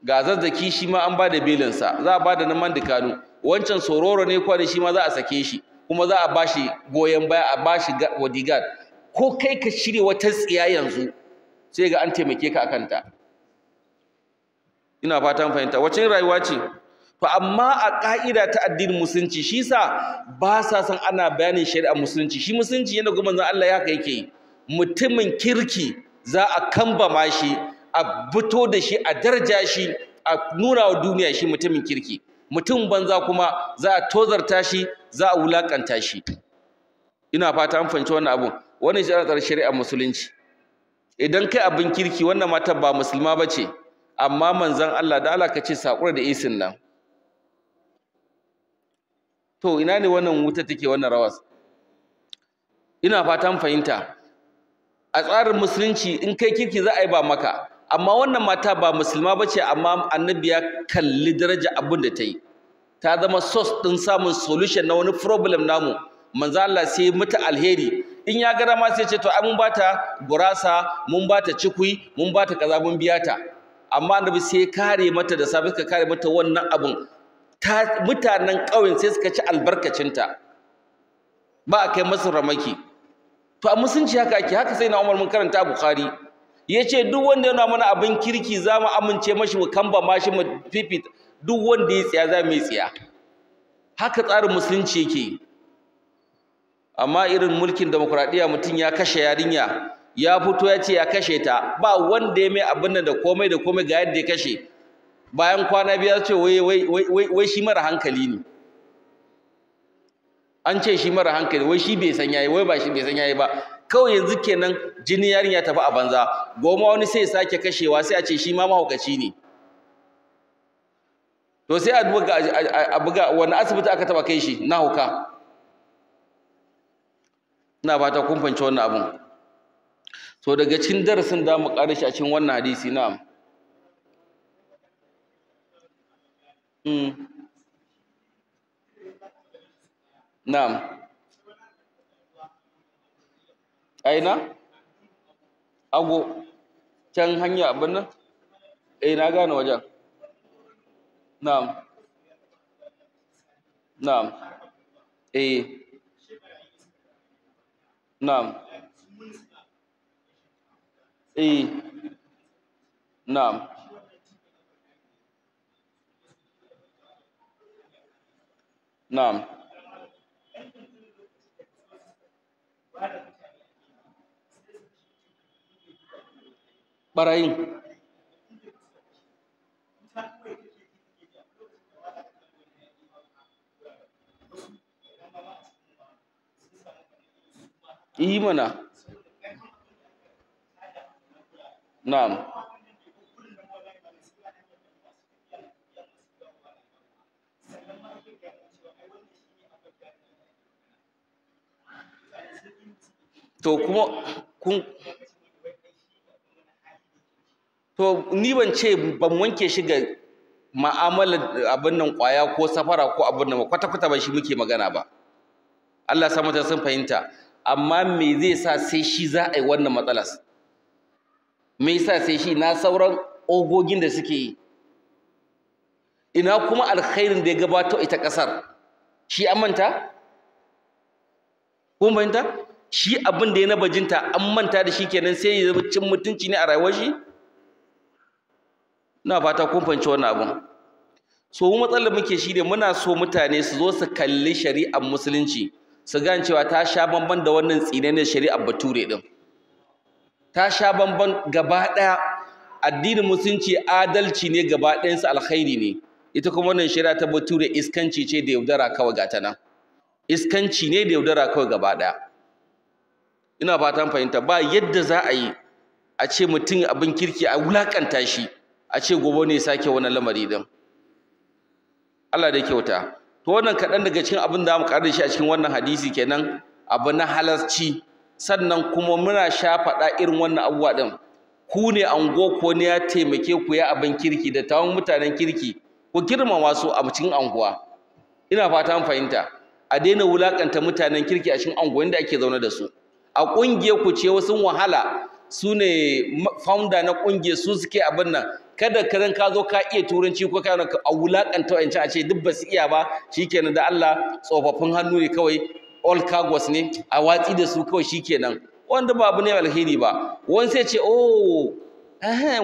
ga zazzaki shi ma an ba da belinsa za a ba da na mandi wancan sororo ne kwana shi ma za a sake shi kuma za a ba shi goyon baya a ba shi bodyguard ko kai ka shirya wata tsiya yanzu sai ga an taimake ka akan ta ina fatan fahimta wacce rayuwa ce to amma a ka'ida ta addinin musulunci shi sa ba sa san ana bayanin shari'a musulunci shi musulunci yana ga manzon Allah ya kai ke mutumin kirki za a kambama shi a fito da shi a daraja shi a nuna wa duniya shi mutumin kirki mutum banza kuma za a tozarta shi za a wulakanta shi ina fata an fahimci wannan abu wannan shi ana shari'a musulunci idan kai abin kirki wannan mata ba musulma ba ce amma manzan Allah da Allah ka ce saƙura da isin nan to ina ne wannan wuta take wannan rawas ina fatan fahimta a tsarin musulunci in kai kirki za a yi ba maka amma wannan mata ba musulma ba ce amma annabi ya kalli daraja abin da ta yi ta zama sos ɗin samun solution na wani problem namu manzan Allah sai mata alheri in ya gara ma sai ce to ai mun bata gurasa mun ta cikui mun bata kaza mun biya ta amma annabi sai kare mata da safe ka kare mata wannan abun mutanen ƙauyen sai suka ci albarkacinta ba a kai masu ramaki to a musulunci haka ake haka sai na umar mun karanta bukhari ya ce duk wanda yana mana abin kirki za mu amince mashi mu kamba mashi mu fifita duk wanda ya tsaya za mu yi tsaya haka tsarin musulunci yake amma irin mulkin demokuraɗiyya mutum ya kashe yarinya ya fito ya ce ya kashe ta ba wanda ya mai abin da komai da komai ga yadda ya kashe bayan kwana biya ce wai shi mara hankali ne an ce shi mara hankali wai shi bai san yayi wai ba shi bai san yayi ba kawai yanzu kenan jini yarinya tafi a banza goma wani sai sake kashewa sai a ce shi ma mahaukaci ne to sai a buga wani asibiti aka taba kai shi na hauka ina fata kun fahimci wannan abun so daga cikin darasin da mu ƙarashi a cikin wannan hadisi na'am mm. na'am aina ago can hanya abin nan eh na gane wajen na'am na'am eh na'am eh na'am na'am ɓarayin imana na'am to kuma kun to ni ban ce ban wanke shi ga ma'amalar abin nan kwaya ko safara ko abin nan kwata-kwata ban shi muke magana ba Allah samu ta sun fahimta amma me zai sa sai shi za a yi wannan matsalar me yasa sai shi na sauran ogogin da suke yi ina kuma alkhairin da ya gabato ita kasar shi an manta kun fahimta shi abin da ya nabajinta an manta da shi kenan sai ya zama cin mutunci ne a rayuwar shi ina fata kun fahimci wannan abin so matsalar muke shi ne muna so mutane su zo su kalli shari'ar musulunci su gane cewa ta sha bamban da wannan tsinanin shari'ar bature din ta sha bamban gaba daya addinin musulunci adalci ne gaba su alkhairi ne ita kuma wannan shari'a ta bature iskanci ce da yaudara kawai gata nan iskanci ne da yaudara kawai gaba ɗaya ina fatan fahimta ba yadda za a yi a ce mutum abin kirki a wulakanta shi a ce gobe ne sake wani lamari din Allah da kyauta to wannan kaɗan daga cikin abin da mu ƙarin shi a cikin wannan hadisi kenan abu na halarci sannan kuma muna sha faɗa irin wannan abubuwa ɗin ku ne ango ko ne ya taimake ku ya abin kirki da tawon mutanen kirki ku girmama su a cikin anguwa ina fata an fahimta a daina wulakanta mutanen kirki a cikin anguwanni da ake zaune da su a ƙungiyar ku ce wasu wahala su ne founder na kungiyar su suke abin nan kada karan ka zo ka iya turanci ko ka a wulakanta wancan a ce duk ba su iya ba shikenan da Allah tsofaffin hannu ne kawai all cargos ne a watsi da su kawai shikenan wanda ba abu ne alheri ba wani sai ce oh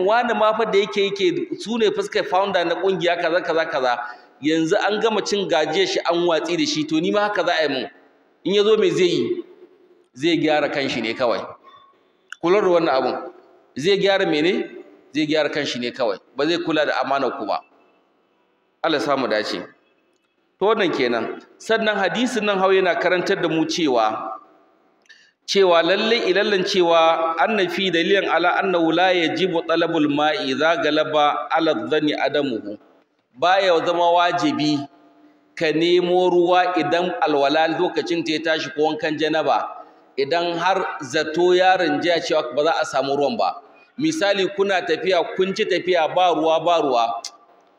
wani ma fa da yake yake su ne fuska founder na kungiya kaza kaza kaza yanzu an gama cin gajiyar shi an watsi da shi to ni ma haka za a yi mun in ya zo me zai yi zai gyara kanshi ne kawai Kular da wannan abun zai gyara mene zai gyara kanshi ne kawai ba zai kula da amanar ku ba Allah samu dace to wannan kenan sannan hadisin nan hawaye yana karantar da mu cewa cewa lallai ilallan cewa annafi dalilan ala annahu la yajibu talabul ma'i za galaba ala dhanni adamuhu baya zama wajibi ka nemo ruwa idan alwala lokacin ta ya tashi ko wankan janaba idan har zato ya jiya cewa ba za a samu ruwan ba misali kuna tafiya kun ci tafiya ba ruwa ba ruwa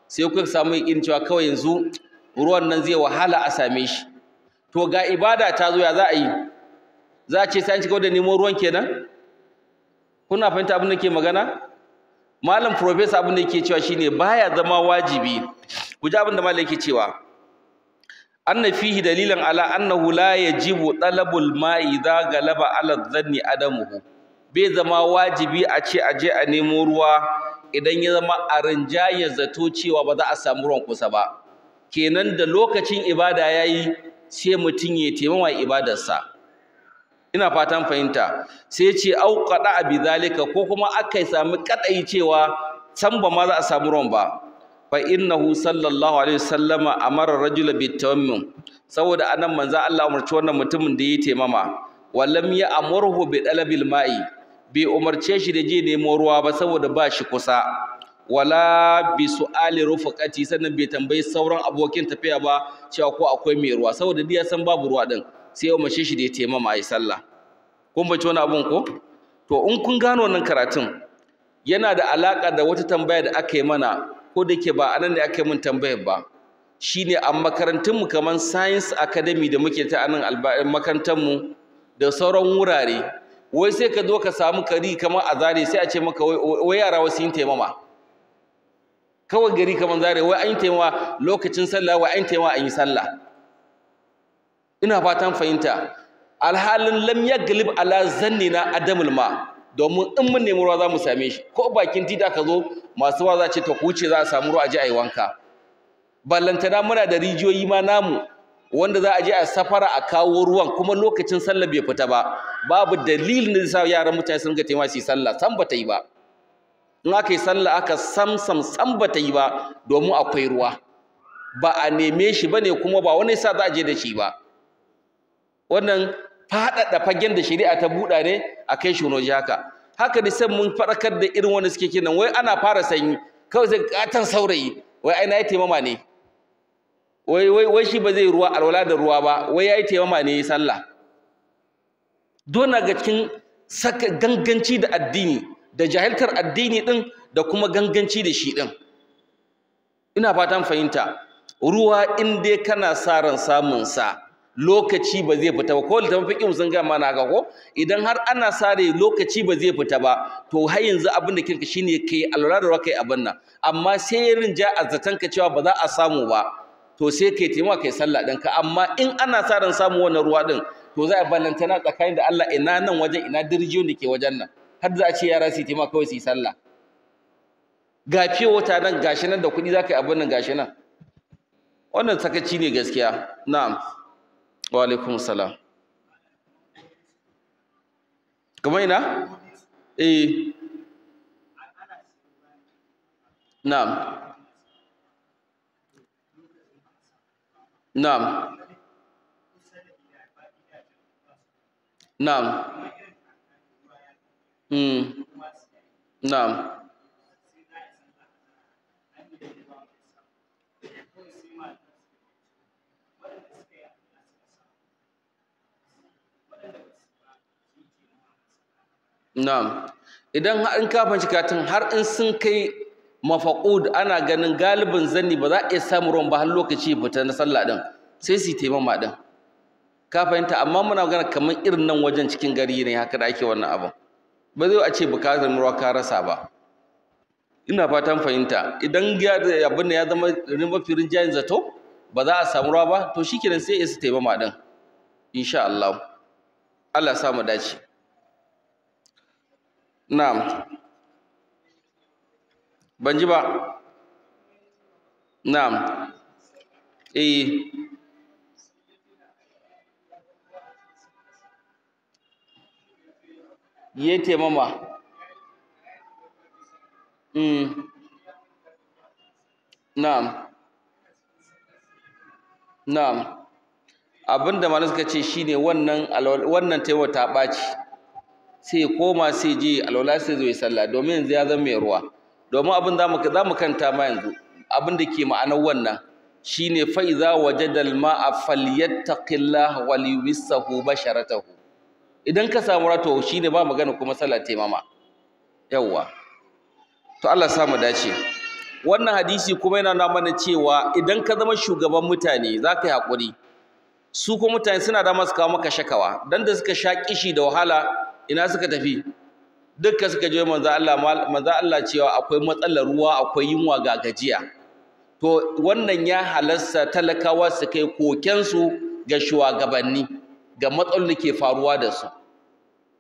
sai kuka samu yakin cewa kawai yanzu ruwan nan zai wahala a same shi to ga ibada ta zo ya za a yi za a ce sai an ci da nemo ruwan kenan kuna fahimta abin da ke magana malam professor abin da yake cewa shine baya zama wajibi ku ji abin da malam yake cewa anna fihi dalilan ala annahu la yajibu talabul ma'i idza galaba ala dhanni adamuhu bai zama wajibi a ce a je a nemo ruwa idan ya zama a rinjayar zato cewa ba za a samu ruwan kusa ba kenan da lokacin ibada yayi sai mutum ya taimama ibadarsa ina fatan fahimta sai ce au qada bi zalika ko kuma aka sami kadai cewa san ba ma za a samu ruwan ba fa innahu sallallahu alaihi wasallama amara rajula bitawammum saboda anan manzo Allah umarci wannan mutumin da yi taimama wallam ya amurhu bi dalabil ma'i bai umarce shi da je nemo ruwa ba saboda ba shi kusa wala bi su'ali rufaqati sannan bai tambayi sauran abokin tafiya ba cewa ko akwai mai ruwa saboda diya san babu ruwa din sai ya umarce shi da ya taimama ayi sallah kun bace wani abun ko to in kun gano wannan karatun yana da alaka da wata tambaya da aka yi mana ko da ke ba anan ne aka yi mun tambayar ba shine a makarantunmu kamar science academy da muke ta anan makarantar mu da sauran wurare wai sai ka zo ka samu kari kamar a zare sai a ce maka wai yara wasu yin taimama kawai gari kamar zare wai an yi taimama lokacin sallah wai an yi taimama an yi sallah ina fatan fahimta alhalin lam yaglib ala zannina adamul ma' domin in mun nemi ruwa za mu same shi ko bakin Tita ka zo masu ruwa za ce ta kuce za a samu ruwa a je a yi wanka ballantana muna da rijiyoyi ma namu wanda za a je a safara a kawo ruwan kuma lokacin sallah bai fita ba babu dalilin da sa yaran mutane sun ga taimaka su sallah san ba ta yi ba in aka yi sallah aka samsam san ba ta yi ba domin akwai ruwa ba a neme shi ne kuma ba wani sa za a je da shi ba wannan faɗaɗa fagen da shari'a ta buɗa ne a kai shi wani haka haka ne sai mun faɗakar da irin wanda suke kenan wai ana fara sanyi kawai sai katon saurayi wai aina ya taimama ne wai wai shi ba zai ruwa alwala da ruwa ba wai ya yi taimama ne sallah dona ga cikin saka ganganci da addini da jahiltar addini din da kuma ganganci da shi din ina fatan fahimta ruwa in dai kana sa ran samun sa lokaci ba zai fita ba ko mafi kin sun ga mana haka ko idan har ana sare lokaci ba zai fita ba to har yanzu abin da kinka shine kai alura da kai abin nan amma sai yarin ja azzatan ka cewa ba za a samu ba to sai kai taimaka kai sallah ɗinka amma in ana sa ran samu wannan ruwa din to za a na tsakanin da Allah ina nan wajen ina dirjiyon da ke wajen nan har za a ce yara su taimaka kawai su yi sallah ga fiye wata nan gashi nan da kuɗi za ka yi abin nan gashi nan wannan sakaci ne gaskiya na'am wa alaikum salam kuma ina eh na'am na'am na'am mm na'am na'am idan har in ka fanci katin har in sun kai mafaqud ana ganin galibin zanni ba za a iya samu ruwan ba har lokaci fita na sallah din sai su taimaka ma din ka fahimta amma muna magana kamar irin nan wajen cikin gari ne haka da ake wannan abin ba zai a ce bukatar ruwa ka rasa ba ina fatan fahimta idan abin da ya zama mafi jayin zato ba za a samu ruwa ba to shikenan sai ya su ma din insha Allah Allah sa samu dace na'am ban ji ba na'am eh ya taimama mm. na'am na'am abinda malaka suka ce shine wannan wannan taiwa ta ɓaci sai ya koma sai je alwala sai zo sallah domin yanzu ya zama mai ruwa domin abin za mu za kanta ma yanzu abin da ke ma'anar wannan shine fa iza wajada al-ma'a falyattaqillaha wa liyusahu basharatahu idan ka samu rato shine ba magana kuma sallah taimama yawwa to Allah ya samu dace wannan hadisi kuma yana nuna mana cewa idan ka zama shugaban mutane za ka yi hakuri su ko mutane suna da masu kawo maka shakawa dan da suka sha kishi da wahala ina suka tafi dukkan suka je manzo Allah manzo Allah cewa akwai matsalar ruwa akwai yunwa ga gajiya to wannan ya halarsa talakawa su kai koken su ga shugabanni ga matsalolin da ke faruwa da su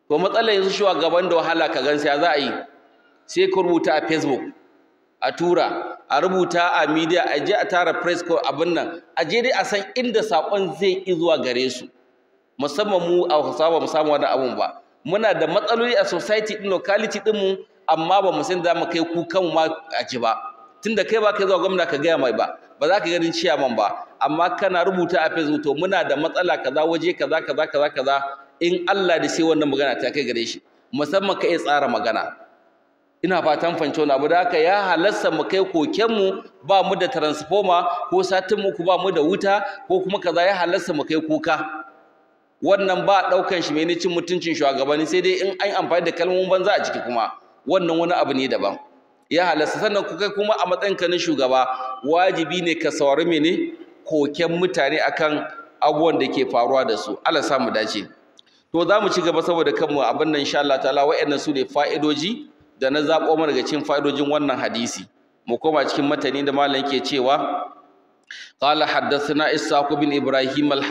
to matsalar yanzu shugaban da wahala ka gan sai za a yi sai ka rubuta a Facebook a tura a rubuta a media a je a tara press ko abin nan a je dai a san inda sakon zai yi zuwa gare su musamman mu a Hausawa mu samu wannan abun ba muna da matsaloli a society din locality din mu amma ba mu san da mu kai kukan ma a ji ba tunda kai ba kai zuwa gwamna ka gaya mai ba ba za ka ganin ciyaman ba amma kana rubuta a Facebook to muna da matsala kaza waje kaza kaza kaza kaza in Allah da sai wannan magana ta kai gare shi musamman ka iya tsara magana ina fatan fance wani abu da haka ya halasta mu kai kokenmu ba mu da transformer ko satin muku ba mu da wuta ko kuma kaza ya halasta mu kai kuka wannan ba ɗaukan shi mai cin mutuncin shugabanni sai dai in an amfani da kalmomin banza a ciki kuma wannan wani abu ne daban ya halasta sannan kuka kuma a matsayin ka na shugaba wajibi ne ka saurari mene koken mutane akan abubuwan da ke faruwa da su Allah sa mu dace to za mu ci gaba saboda kanmu abin nan insha Allah ta'ala wa'annan su ne fa'idoji da na zaɓo mana daga cikin fa'idojin wannan hadisi mu koma cikin matani da malam yake cewa qala haddathana ishaq bin ibrahim al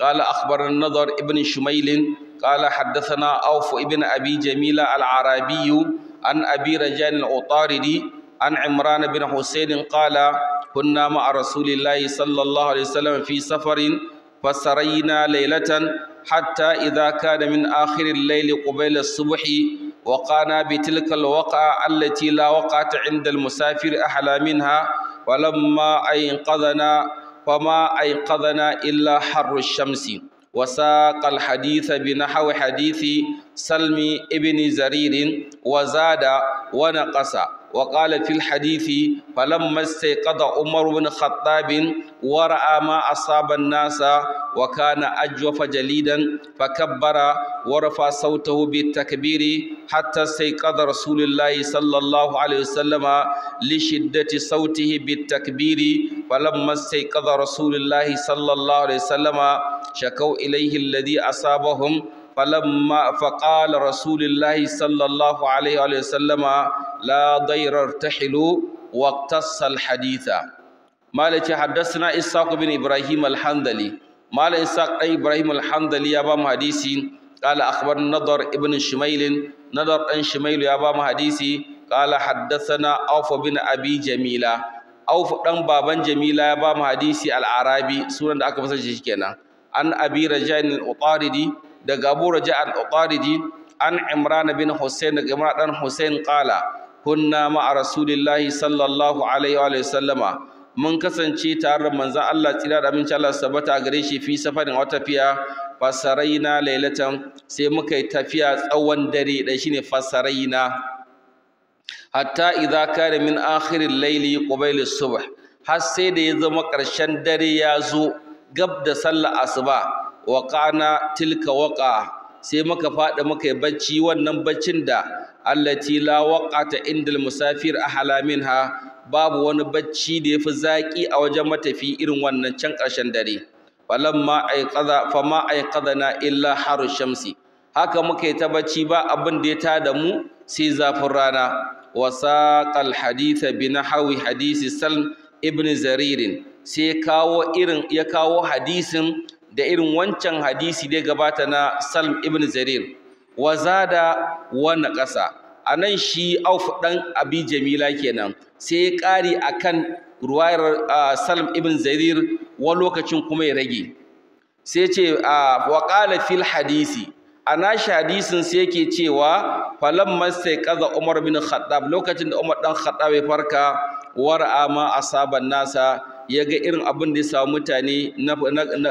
قال أخبر النظر ابن شميل قال حدثنا أوف ابن أبي جميل العربي عن أبي رجان العطاردي عن عمران بن حسين قال كنا مع رسول الله صلى الله عليه وسلم في سفر فسرينا ليلة حتى إذا كان من آخر الليل قبيل الصبح وقانا بتلك الوقعة التي لا وقعت عند المسافر أحلى منها ولما أيقظنا فما أيقظنا إلا حر الشمس وساق الحديث بنحو حديث سلم ابن زرير وزاد ونقص وقال في الحديث فلما استيقظ عمر بن الخطاب ورأى ما أصاب الناس وكان أجوف جليدا فكبر ورفع صوته بالتكبير حتى استيقظ رسول الله صلى الله عليه وسلم لشدة صوته بالتكبير فلما استيقظ رسول الله صلى الله عليه وسلم شكوا إليه الذي أصابهم فلما فقال رسول الله صلى الله عليه وسلم لا ضير ارتحلوا واقتص الحديث مالك حدثنا إسحاق بن إبراهيم الحنظلي مال إسحاق إبراهيم الحنظلي يا بام حديثي قال أخبر نضر ابن شميل نضر ابن شميل يا بام حديثي قال حدثنا أوف بن أبي جميلة أوف دم بابن جميلة يا بام حديثي العربي سورة أكبر شيء كنا عن أبي رجاء الأطاردي daga Abu Raja al-Qariji an Imran bin Hussein daga Imran dan Hussein qala kunna ma'a rasulillahi sallallahu alaihi wa sallama mun kasance tare da manzon Allah tsira da aminci Allah sabata gare shi fi safarin wata fiya fasaraina lailatan sai muka yi tafiya tsawon dare da shine fasaraina hatta idan kare min akhiril laili qabila subh har sai da ya zama ƙarshen dare ya zo gab da sallar asuba waƙana tilka waƙa sai muka faɗi muka yi bacci wannan baccin da allati la waqata indal musafir ahla minha babu wani bacci da yafi zaki a wajen matafi irin wannan can ƙarshen dare falamma aiqadha fama aiqadana illa haru shamsi haka muka yi ta bacci ba abin da ya da mu sai zafin rana wasaqal haditha bi nahwi hadisi sal ibn zaririn sai kawo irin ya kawo hadisin da irin wancan hadisi da gabata na Salm ibn Zarir wa zada wa A nan shi Auf ɗan Abi Jamila kenan sai ya a kan ruwayar Salm ibn Zarir wa lokacin kuma ya rage sai ce wa Waƙala fil hadisi A shi hadisin sai yake cewa falon sai kaza Umar bin Khattab lokacin da Umar ɗan Khattab ya farka war'a ma asaban nasa ya ga irin abin da ya samu mutane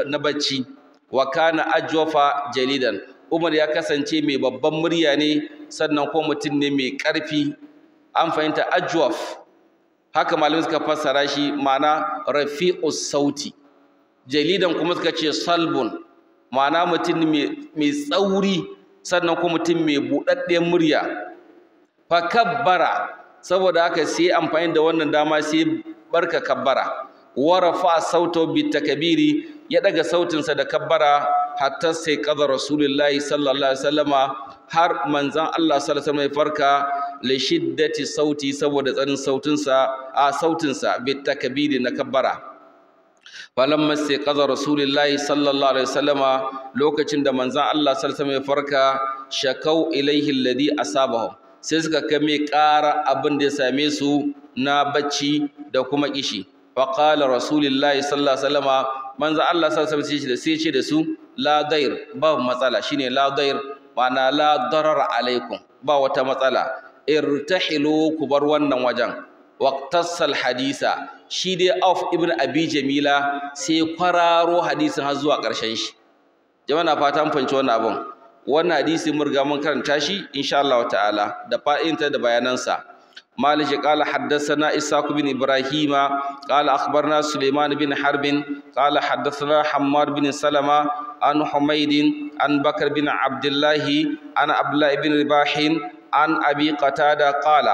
na bacci wa kana ajwafa jalidan Umar ya kasance mai babban murya ne sannan ko mutum ne mai ƙarfi an fahimta ajwaf haka malamai suka fassara shi ma'ana rafi'us sauti jalidan kuma suka ce salbun ma'ana mutum mai tsauri sannan ko mutum mai buɗaɗɗen murya Fa fakabbara saboda haka sai amfani da wannan dama sai barka kabbara warafa sauta bi takabiri ya daga sautinsa da kabbara hatta sai kaza rasulullahi sallallahu har manzan Allah sallallahu alaihi farka sauti saboda tsarin sautinsa a sautinsa bi takabiri na Kabara. falamma sai kaza rasulullahi sallallahu lokacin da manzan Allah sallallahu alaihi farka shakau ilaihi a asabahu sai suka kame ƙara abinda ya same su na bacci da kuma kishi faƙala qala rasulullahi sallallahu alaihi wasallama manzo Allah sallallahu alaihi wasallam sai ce da su la babu matsala shine la gair ma'ana la darar alaikum ba wata matsala irtahilu ku bar wannan wajen waqtassal hadisa shi dai auf ibn abi jamila sai kwararo hadisin har zuwa ƙarshen shi jama'a na fata fanci wani wannan abun wannan hadisi mun riga mun karanta shi insha Allah ta'ala da fa'inta da bayanansa مالك قال حدثنا إسحاق بن إبراهيم قال أخبرنا سليمان بن حرب قال حدثنا حمار بن سلمة عن حميد عن بكر بن عبد الله عن عبد الله بن رباح عن أبي قتادة قال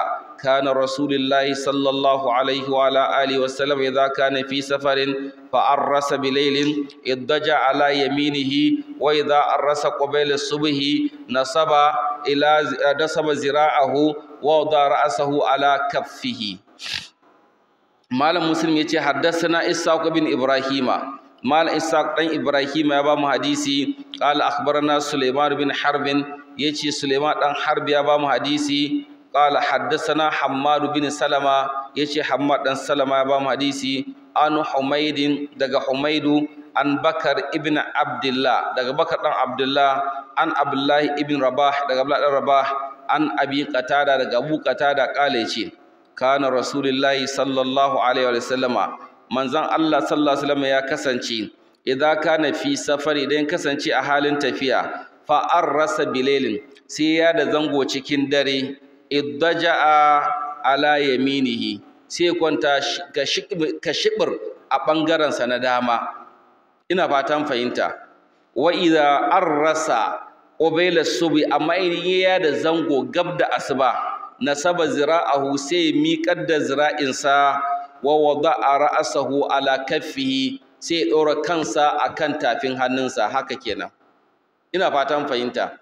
كان رسول الله صلى الله عليه وعلى آله وسلم إذا كان في سفر فأرس بليل اضجع على يمينه وإذا أرس قبيل الصبح نصب إلى نصب زراعه ووضع رأسه على كفه مال مسلم يتي حدثنا إسحاق بن إبراهيم مال إسحاق بن إبراهيم أبا محديثي قال أخبرنا سليمان بن حرب يتي سليمان بن حرب أبا محديثي qala haddathana hammad bin salama ya ce Hamad dan salama ya ba mu hadisi Anu humaydin daga Humaidu an bakar ibn abdullah daga bakar ɗan abdullah an abdullahi ibn rabah daga Abdullahi ɗan rabah an abi Katada daga abu qatada kale ce kana rasulullahi sallallahu alaihi wa sallama manzan Allah sallallahu alaihi wa sallama ya kasance Idan ka na fi safari idan kasance a halin tafiya fa rasa bilelin sai ya da zango cikin dare a ala yaminihi sai kwanta ka shibir a ɓangarensa na dama ina fatan fahimta wa idza arrasa qabila subi amma in ya da zango gab da asuba nasaba zira'ahu sai miƙar da zira'insa wa wada'a ra'asahu ala kaffihi sai ɗora kansa akan tafin hannunsa haka kenan ina fatan fahimta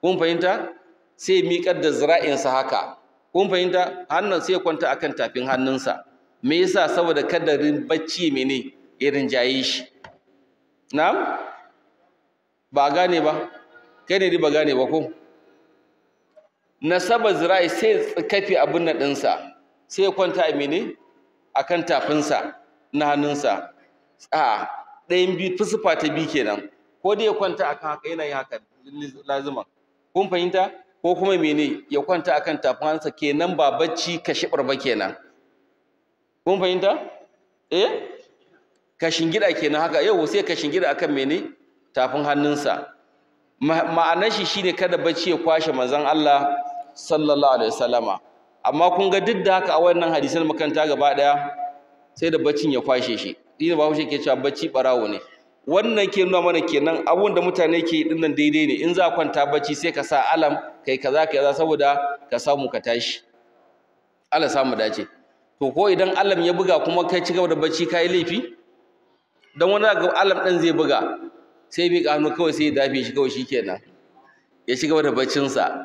kun fahimta sai miƙar da zira'insa haka kun fahimta hannun sai ya kwanta akan tafin hannunsa me yasa saboda kada bacci mene irin jaye shi na'am ba gane ba kai ne ba gane ba ko nasaba zira'i sai kafi abin nan ɗinsa sai ya kwanta a mene akan tafinsa na hannunsa a ɗayan biyu fusufa ta biyu kenan ko dai ya kwanta akan haka yana yin haka lazima kun fahimta ko kuma mene ya kwanta akan tafansa kenan ba bacci ka shibar ba kenan kun fahimta eh ka shingida kenan haka yau sai ka shingida akan mene tafin hannunsa ma'anar shi shine kada bacci ya kwashe manzon Allah sallallahu alaihi wasallama amma kun ga duk da haka a wannan hadisin makanta gaba daya sai da baccin ya kwashe shi dina ba ke cewa bacci barawo ne wannan ke nuna mana kenan abun da mutane ke yi nan daidai ne in za kwanta bacci sai ka sa alam kai kaza kaza saboda ka samu ka tashi Allah samu dace to ko idan alam ya buga kuma kai ci gaba da bacci kai laifi dan wani ga alam din zai buga sai bi hannu kawai sai ya dafe shi kawai shikenan ya ci gaba da baccin sa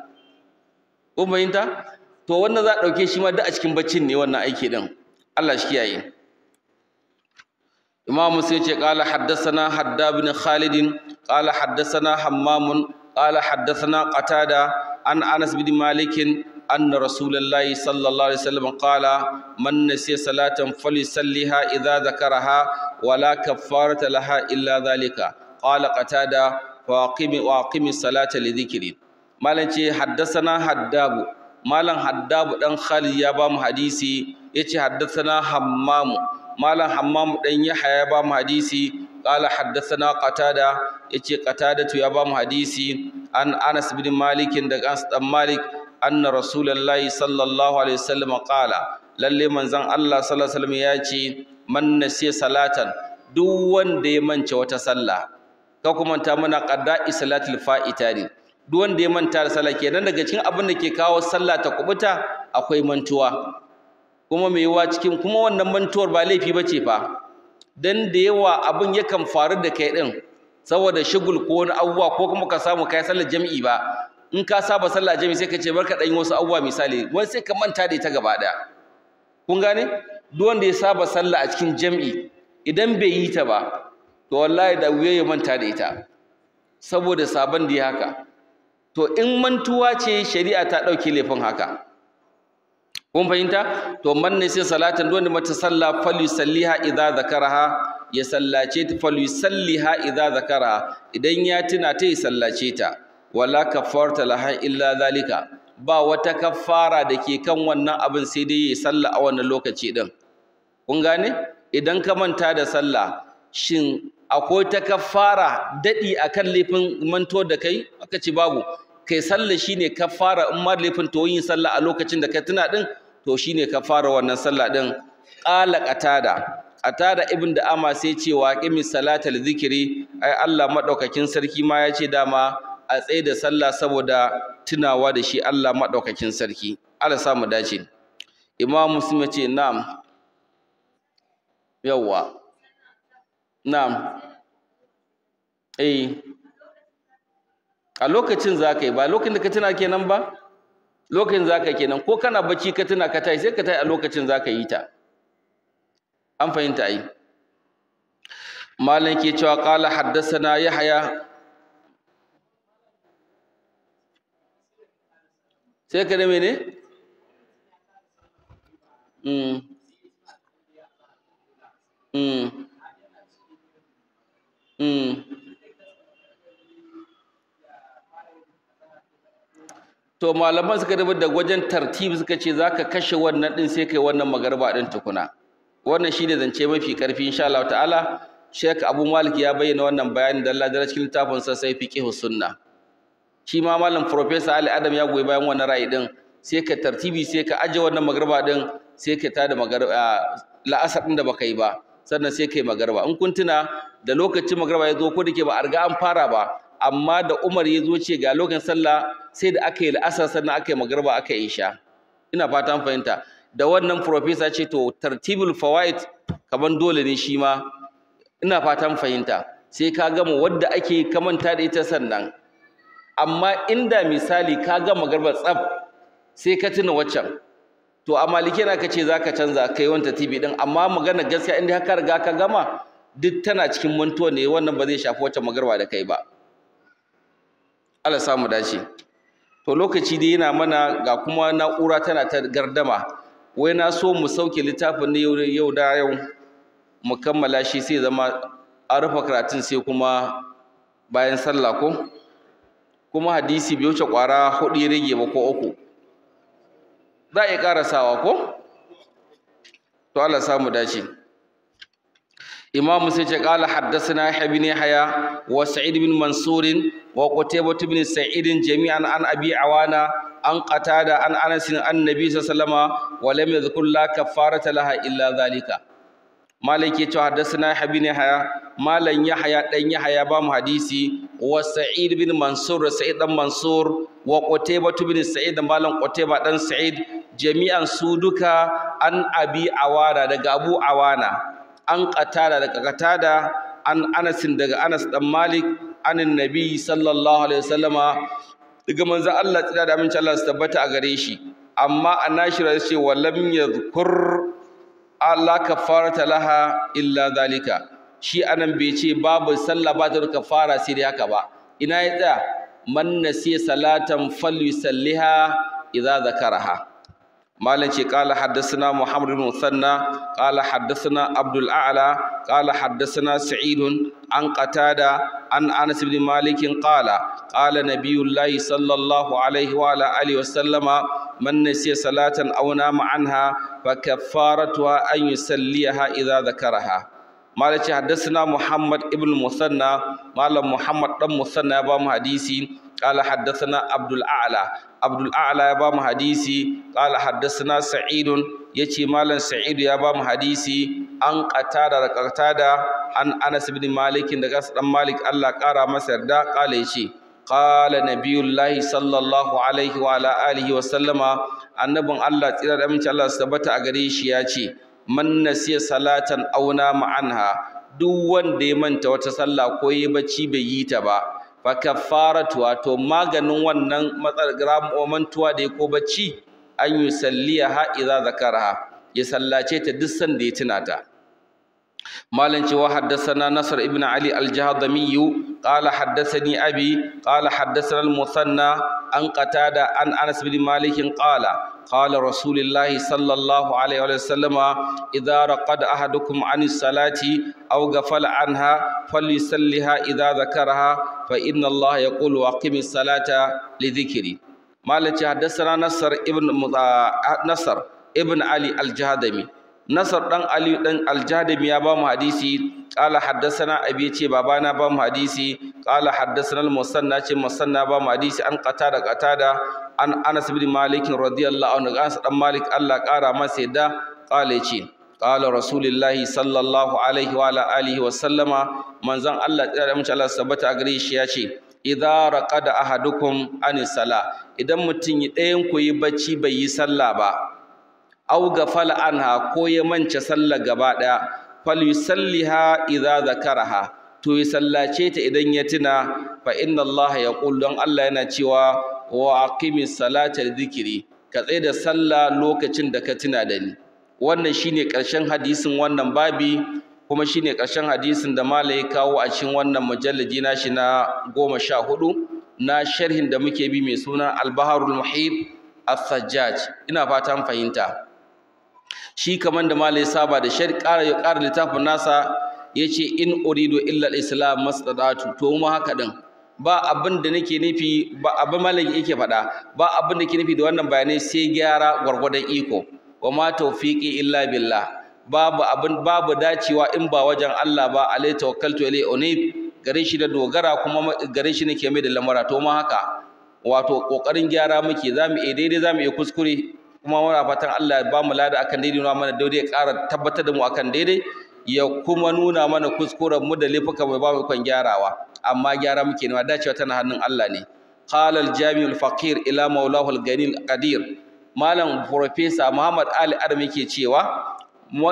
kun fahimta to wannan za a dauke shi ma duk a cikin baccin ne wannan aiki din Allah shi kiyaye imam musa yace qala haddathana haddab bin khalid qala haddathana hammam qala haddathana qatada an anas bin malik أن رسول الله صلى الله عليه وسلم قال من نسي صلاة فليصليها إذا ذكرها ولا كفارة لها إلا ذلك قال قتادة وأقم وأقم الصلاة لذكري مالن حدثنا حداب مالن حداب دان خالد يا بام حديثي يتي حدثنا حمام malam hammam dan yahya ya ba mu hadisi qala haddathana qatada yace qatada ya ba mu hadisi an anas bin malik daga anas dan malik anna rasulullahi sallallahu alaihi wasallam qala lalle manzon Allah sallallahu alaihi wasallam ya ce man nasiya salatan duk wanda ya manta wata sallah ka kuma ta mana qada'i salatul fa'ita duk wanda ya manta da sallah kenan daga cikin abin da ke kawo sallah ta kubuta akwai mantuwa kuma mai yiwuwa cikin kuma wannan mantuwar ba laifi ba ce fa dan da yawa abin yakan faru da kai ɗin saboda shigul ko wani abubuwa ko kuma ka samu kai sallar jami'i ba in ka saba sallar jami'i sai ka ce barka ɗan wasu abubuwa misali wani sai ka manta da ita gaba ɗaya kun gane duk wanda ya saba sallah a cikin jami'i idan bai yi ta ba to wallahi da wuya ya manta da ita saboda sabon da ya haka to in mantuwa ce shari'a ta ɗauke laifin haka kun fahimta to man ne sai salatan duk wanda mace salla fali yusalliha idza zakaraha ya sallace ta fali yusalliha idza zakaraha idan ya tuna ta ya sallace ta wala kafarta laha illa zalika ba wata kafara da ke kan wannan abin sai dai ya salla a wannan lokaci din kun gane idan ka manta da sallah shin akwai ta kafara dadi akan laifin manto da kai aka ci babu kai sallah shine kafara in ma laifin to yin sallah a lokacin da ka tuna din to shi ne ka fara wannan sallah ɗin? Ƙala ƙatada. A ibn da ama sai ce wa ƙimi salatal zikiri ai Allah maɗaukakin sarki ma ya ce dama a tsaye da sallah saboda tunawa da shi Allah maɗaukakin sarki Allah sa mu dace imam muslim ya ce na'am yawwa na'am eh a lokacin za ka yi ba lokacin da ka tuna kenan ba lokacin zaka kenan ko kana bacci ka tuna ka tayi sai ka tayi a lokacin zaka yi ta an fahimta ai malam ke cewa qala haddathana yahya sai ka da mene mm mm mm to malaman suka rubuta da wajen tartib suka ce zaka kashe wannan din sai kai wannan magarba din tukuna wannan shine zance mafi karfi insha Allah ta'ala Sheikh Abu Malik ya bayyana wannan bayanin Allah da cikin littafin sa sai fiqh sunna shi ma malam professor Ali Adam ya goyi bayan wannan ra'ayi din sai ka tartibi sai ka aje wannan magarba din sai ka tada magarba la'asar din da baka yi ba sannan sai kai magarba in kun tuna da lokacin magarba ya zo ko dake ba a riga an fara ba amma da Umar ya zo ce ga lokacin sallah sai da aka yi la'asar sannan aka yi magarba aka yi sha ina fatan fahimta da wannan professor ce to tartibul fawaid kaman dole ne shi ma ina fatan fahimta sai ka gama wadda ake kamanta da ita sannan amma inda misali ka gama magarba tsaf sai ka tuna waccan to a malike na ka ce za ka canza ka yi wanta tibi din amma magana gaskiya inda ka riga ka gama duk tana cikin mantuwa ne wannan ba zai shafi wacce magarba da kai ba Allah samu dace to lokaci dai yana mana ga kuma na'ura tana ta gardama wai na so mu sauke littafin ne yau da yau mu kammala shi sai zama an rufe karatun sai kuma bayan sallah ko kuma hadisi bai wuce kwara hudu ya rage ba ko uku za a iya karasawa ko to Allah samu dace imam sai ce qala haddathana yahya bin yahya wa sa'id bin mansur wa qutaybah bin sa'id jami'an an abi awana an qatada an anas an nabi sallallahu alaihi wa lam yadhkur la kafarata laha illa zalika malai ke cewa haddasana yahya bin yahya malan yahya dan yahya ba mu hadisi wa bin mansur sa'id dan mansur wa qutaybah bin sa'id malan sa'id jami'an su duka an abi awana daga abu awana an qatada daga qatada an Anas daga Anas dan Malik anin nabi sallallahu alaihi wasallama daga manzo Allah tsira da aminci Allah su tabbata a gare shi amma annashira ce wa lam yadhkur Allah kafarata laha illa zalika shi anan bai ce babu sallah ba ta kafara sai dai haka ba ina ya tsaya man nasiya salatan falyusalliha idza zakaraha malam ce qala haddathana muhammad bin musanna qala haddathana abdul a'la qala haddathana sa'id an qatada an anas bin malik qala qala nabiyullahi sallallahu alaihi wa ala alihi wa sallama man nasiya salatan aw nama anha fa kaffaratuha an yusalliha ha dhakaraha malam ce haddathana muhammad ibn musanna malam muhammad dan ya ba mu hadisi قال حدثنا عبد الأعلى عبد الأعلى يا بام حديثي قال حدثنا سعيد يتي مالا سعيد يا بام حديثي أن قتادة قتادة أن أنس بن مالك أن مالك الله قارا مسر دا قال يتي قال نبي الله صلى الله عليه وعلى آله وسلم annabin Allah tsira da aminci Allah su tabbata a gare shi ya ce man nasiya salatan auna ma'anha duk wanda ya manta wata sallah ko ya bacci bai yi ta ba fa kaffaratu wato maganin wannan matsar mantuwa da ya ko bacci an yi salliya ha idza zakaraha ya sallace ta duk sanda ya tuna ta مالن جوا حدثنا نصر ابن علي الجهضمي قال حدثني أبي قال حدثنا المثنى عن قتادة عن أنس بن مالك قال قال رسول الله صلى الله عليه وسلم إذا رقد أحدكم عن الصلاة أو غفل عنها فليصليها إذا ذكرها فإن الله يقول وأقم الصلاة لذكري مالك حدثنا نصر ابن نصر ابن علي الجهضمي nasar dan ali dan aljadim ya ba mu hadisi qala haddathana abi ce babana ba mu hadisi qala haddathana al-musanna ce musanna ba mu hadisi an da qatada qatada an anas bin malik radiyallahu anhu anas dan malik Allah kara masa yadda qala ce qala rasulullahi sallallahu alaihi wa alihi wa sallama manzan Allah tsira da mutum Allah sabbata a gare shi ya ce idza raqada ahadukum anisala idan mutum ɗayan ku yi bacci bai yi sallah ba aw gafala anha ko ya manta sallar gaba daya fal yusalliha idza zakaraha to ya sallace ta idan ya tuna fa inna Allah yaqul don Allah yana cewa wa aqimis salata zikiri ka tsaya da sallah lokacin da ka tuna da ni wannan shine ƙarshen hadisin wannan babi kuma shine ƙarshen hadisin da malai kawo a cikin wannan mujalladi nashi na goma sha hudu na sharhin da muke bi mai suna albaharul muhib as-sajjaj ina fatan fahimta shi kaman da malai saba da shar ƙara ya ƙara littafin nasa ya ce in uridu illa islam mastata'tu to mu haka din ba abin da nake nufi ba abin malai yake faɗa ba abin da ke nufi da wannan bayanai sai gyara gwargwadon iko wa ma tawfiqi illa billah babu abin babu dacewa in ba wajen Allah ba alai tawakkaltu ilai unib gare shi da dogara kuma gare shi nake mai da lamara to mu haka wato kokarin gyara muke zamu iya daidai zamu iya kuskure kuma muna fatan Allah ya bamu lada akan daidai nuna mana daidai ya ƙara tabbatar da mu akan daidai ya kuma nuna mana kuskuren mu da laifuka mai bamu ikon gyarawa amma gyara muke nema dacewa tana hannun Allah ne qala al-jami' al-faqir ila maulahu al ganil qadir malam professor Muhammad Ali Adam yake cewa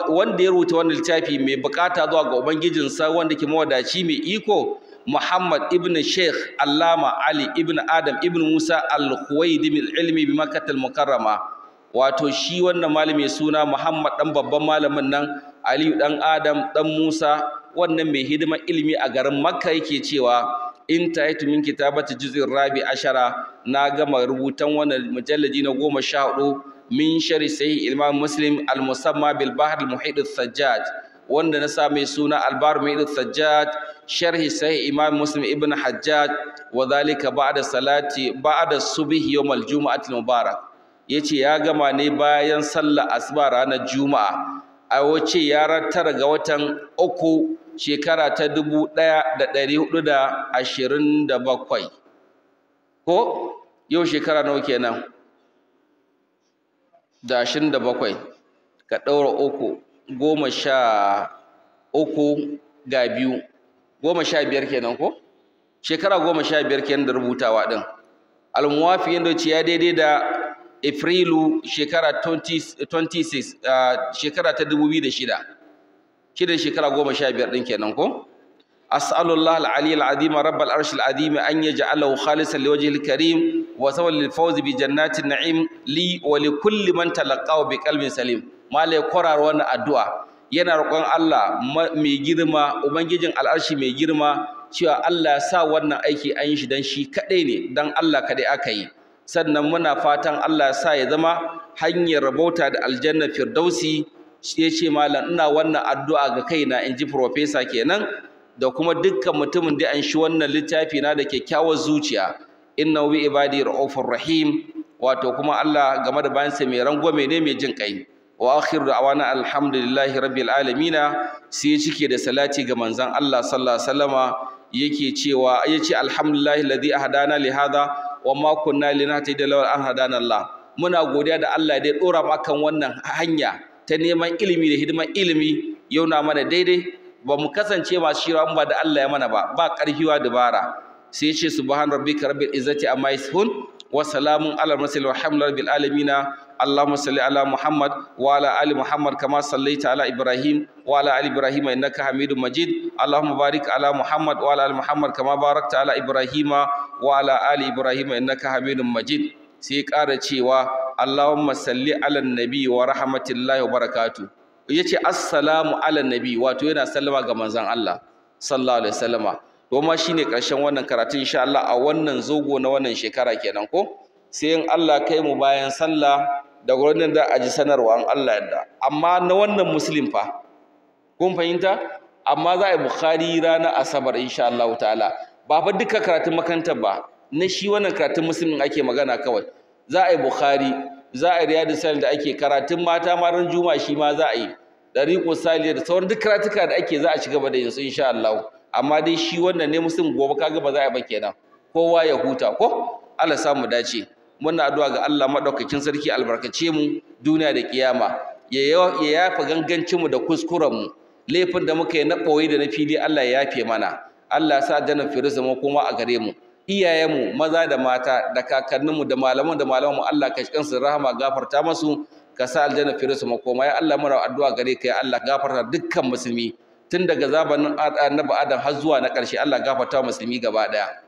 wanda ya rubuta wannan littafi mai bukata zuwa ga ubangijin sa wanda ke mawadaci mai iko Muhammad ibn Sheikh Allama Ali ibn Adam ibn Musa al khuwaydi bil ilmi bi Makkah al-Mukarrama wato shi wannan malami suna Muhammad dan babban malamin nan Aliyu dan Adam dan Musa wannan mai hidimar ilimi a garin Makka yake cewa in taitu min kitabati juz'ir rabi ashara na gama rubutan wannan mujalladi na goma sha hudu min shari sahih imam muslim al musamma bil bahr al muhit al sajjad wanda na sa mai suna al bahr muhit al sajjad sharhi sahih imam muslim ibn hajjaj wa dhalika ba'da salati ba'da subh yawm al jum'ah al mubarak Ya ce ya gama ne bayan sallar asuba ranar juma'a a wace ya rattar ga watan uku shekara ta dubu ɗaya da ɗari hudu da ashirin da bakwai ko yau shekara nawa kenan da ashirin da bakwai ka ɗaura uku goma sha uku ga biyu goma sha biyar kenan ko shekara goma sha biyar kenan da rubutawa ɗin almuwafi yadda ce ya daidai da Afrilu shekara 26 uh, shekara ta 2006 kidan shekara 15 din kenan ko As'alu Allah al-Ali al-Azim rabb al-arsh al-Azim an yaj'alahu khalisan liwajhil karim wa sawal lil bi jannatin na'im li wa li kulli man bi kalmin salim malai kwarar wani addu'a yana roƙon Allah mai girma ubangijin al mai girma cewa Allah ya sa wannan aiki an yi shi dan shi kadai ne dan Allah kadai aka yi sannan muna fatan Allah ya sa ya zama hanyar bauta da aljanna firdausi ya ce malam ina wannan addu'a ga kaina in ji profesa kenan da kuma dukkan mutumin da an shi wannan littafi na da kyakkyawar zuciya inna bi ibadi ra'ufur rahim wato kuma Allah game da bayansa mai rangwame ne mai jin kai wa akhiru da'wana alhamdulillahi rabbil alamin sai cike da salati ga manzon Allah sallallahu alaihi wasallama yake cewa ya ce alhamdulillahi Ladi a Hadana hadha wa ma kunna linahtadiya lawla an hadana Allah muna godiya da Allah da ya dora mu kan wannan hanya ta neman ilimi da hidimar ilimi yau na mana daidai ba mu kasance masu shirawa ba da Allah ya mana ba ba karfiwa dubara sai yace subhan rabbika rabbil izzati amma yasifun wa salamun ala mursalin walhamdulillahi rabbil alamin اللهم صل على محمد وعلى ال محمد كما صليت على ابراهيم وعلى ال ابراهيم انك حميد مجيد اللهم بارك على محمد وعلى ال محمد كما باركت على ابراهيم وعلى ال ابراهيم انك حميد مجيد sai ƙara cewa Allahumma salli ala nabi wa rahmatullahi wa barakatu yace assalamu ala nabi wato yana sallama ga manzon Allah sallallahu alaihi wasallama kuma shine karshen wannan karatu insha Allah a wannan zogo na wannan shekara kenan ko sai in Allah kai mu bayan sallah da wannan za a ji sanarwa an Allah yadda amma na wannan musulun fa kun fahimta amma za a yi bukhari rana asabar insha Allah ta'ala ba fa duka karatun makarantar ba na shi wannan karatun muslimin ake magana kawai za a yi bukhari za a yi riyadu salih da ake karatun mata ma ran juma'a shi ma za a yi dariqu salih da sauran duk karatuka da ake za a ci gaba da yin insha Allah amma dai shi wannan ne musulun gobe kaga ba za a yi ba kenan kowa ya huta ko Allah samu dace muna addu'a ga Allah madaukakin sarki albarkace mu duniya da kiyama ya yafa gangancin mu da kuskuren mu laifin da muka yi na boye da na fili Allah ya yafe mana Allah ya sa jannan firuz mu kuma a gare mu mu maza da mata da kakanninmu da malaman da malaman mu Allah ka cikin su rahama gafarta masu ka sa aljanna firuz mu kuma ya Allah muna addu'a gare ka ya Allah gafarta dukkan musulmi tun daga zabanin annabi Adam har zuwa na ƙarshe Allah gafarta musulmi gaba daya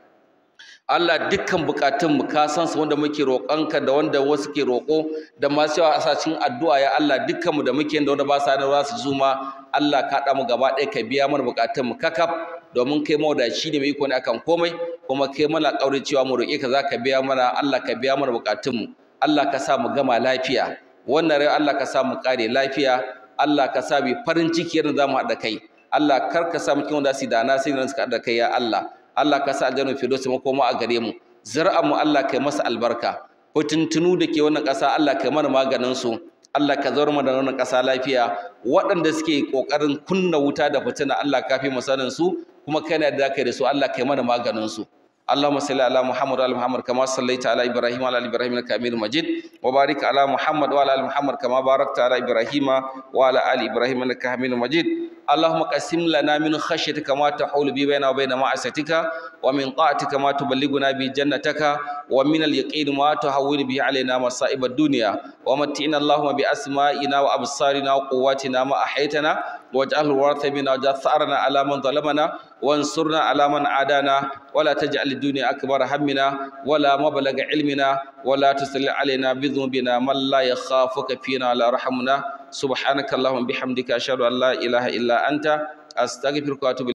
Allah dukkan bukatun mu ka san su wanda muke roƙonka da wanda wasu ke roƙo da masu yawa asashin addu'a ya Allah dukkan da muke da wanda ba sa da zuma Allah ka haɗa mu gaba ɗaya ka biya mana bukatun mu kakaf domin kai shi ne mai iko ne akan komai kuma kai mana ƙaurin cewa mu roƙe ka za ka biya mana Allah ka biya mana bukatun Allah ka sa mu gama lafiya wannan rai Allah ka sa mu kare lafiya Allah ka sa mu farin ciki yadda za mu haɗa kai Allah kar ka sa mu kin wanda su dana sai ran suka haɗa kai ya Allah Allah ka sa aljanna firdausi makoma a gare mu zir'an mu Allah kai masa albarka fitintunu da ke wannan ƙasa Allah kai mana maganin su Allah ka zaurma da wannan ƙasa lafiya waɗanda suke ƙoƙarin kunna wuta da fitina Allah ka fi musanin su kuma kai ne da kai da su Allah kai mana maganin su اللهم صل على محمد وعلى محمد كما صليت على ابراهيم وعلى ابراهيم انك حميد مجيد وبارك على محمد وعلى محمد كما باركت على ابراهيم وعلى ال ابراهيم انك حميد مجيد اللهم قسم لنا من خشيتك ما تحول بي بيننا وبين معصيتك ومن طاعتك ما تبلغنا به جنتك ومن اليقين ما تهون به علينا مصائب الدنيا ومتعنا اللهم بأسمائنا وأبصارنا وقواتنا ما أحيتنا واجعله الورث منا واجعل ثأرنا على من ظلمنا وانصرنا على من عادانا ولا تجعل الدنيا أكبر همنا ولا مبلغ علمنا ولا تسل علينا بذنوبنا من لا يخافك فينا ولا رحمنا subhanakallahumma bihamdika ashhadu an la ilaha illa anta astaghfiruka wa atubu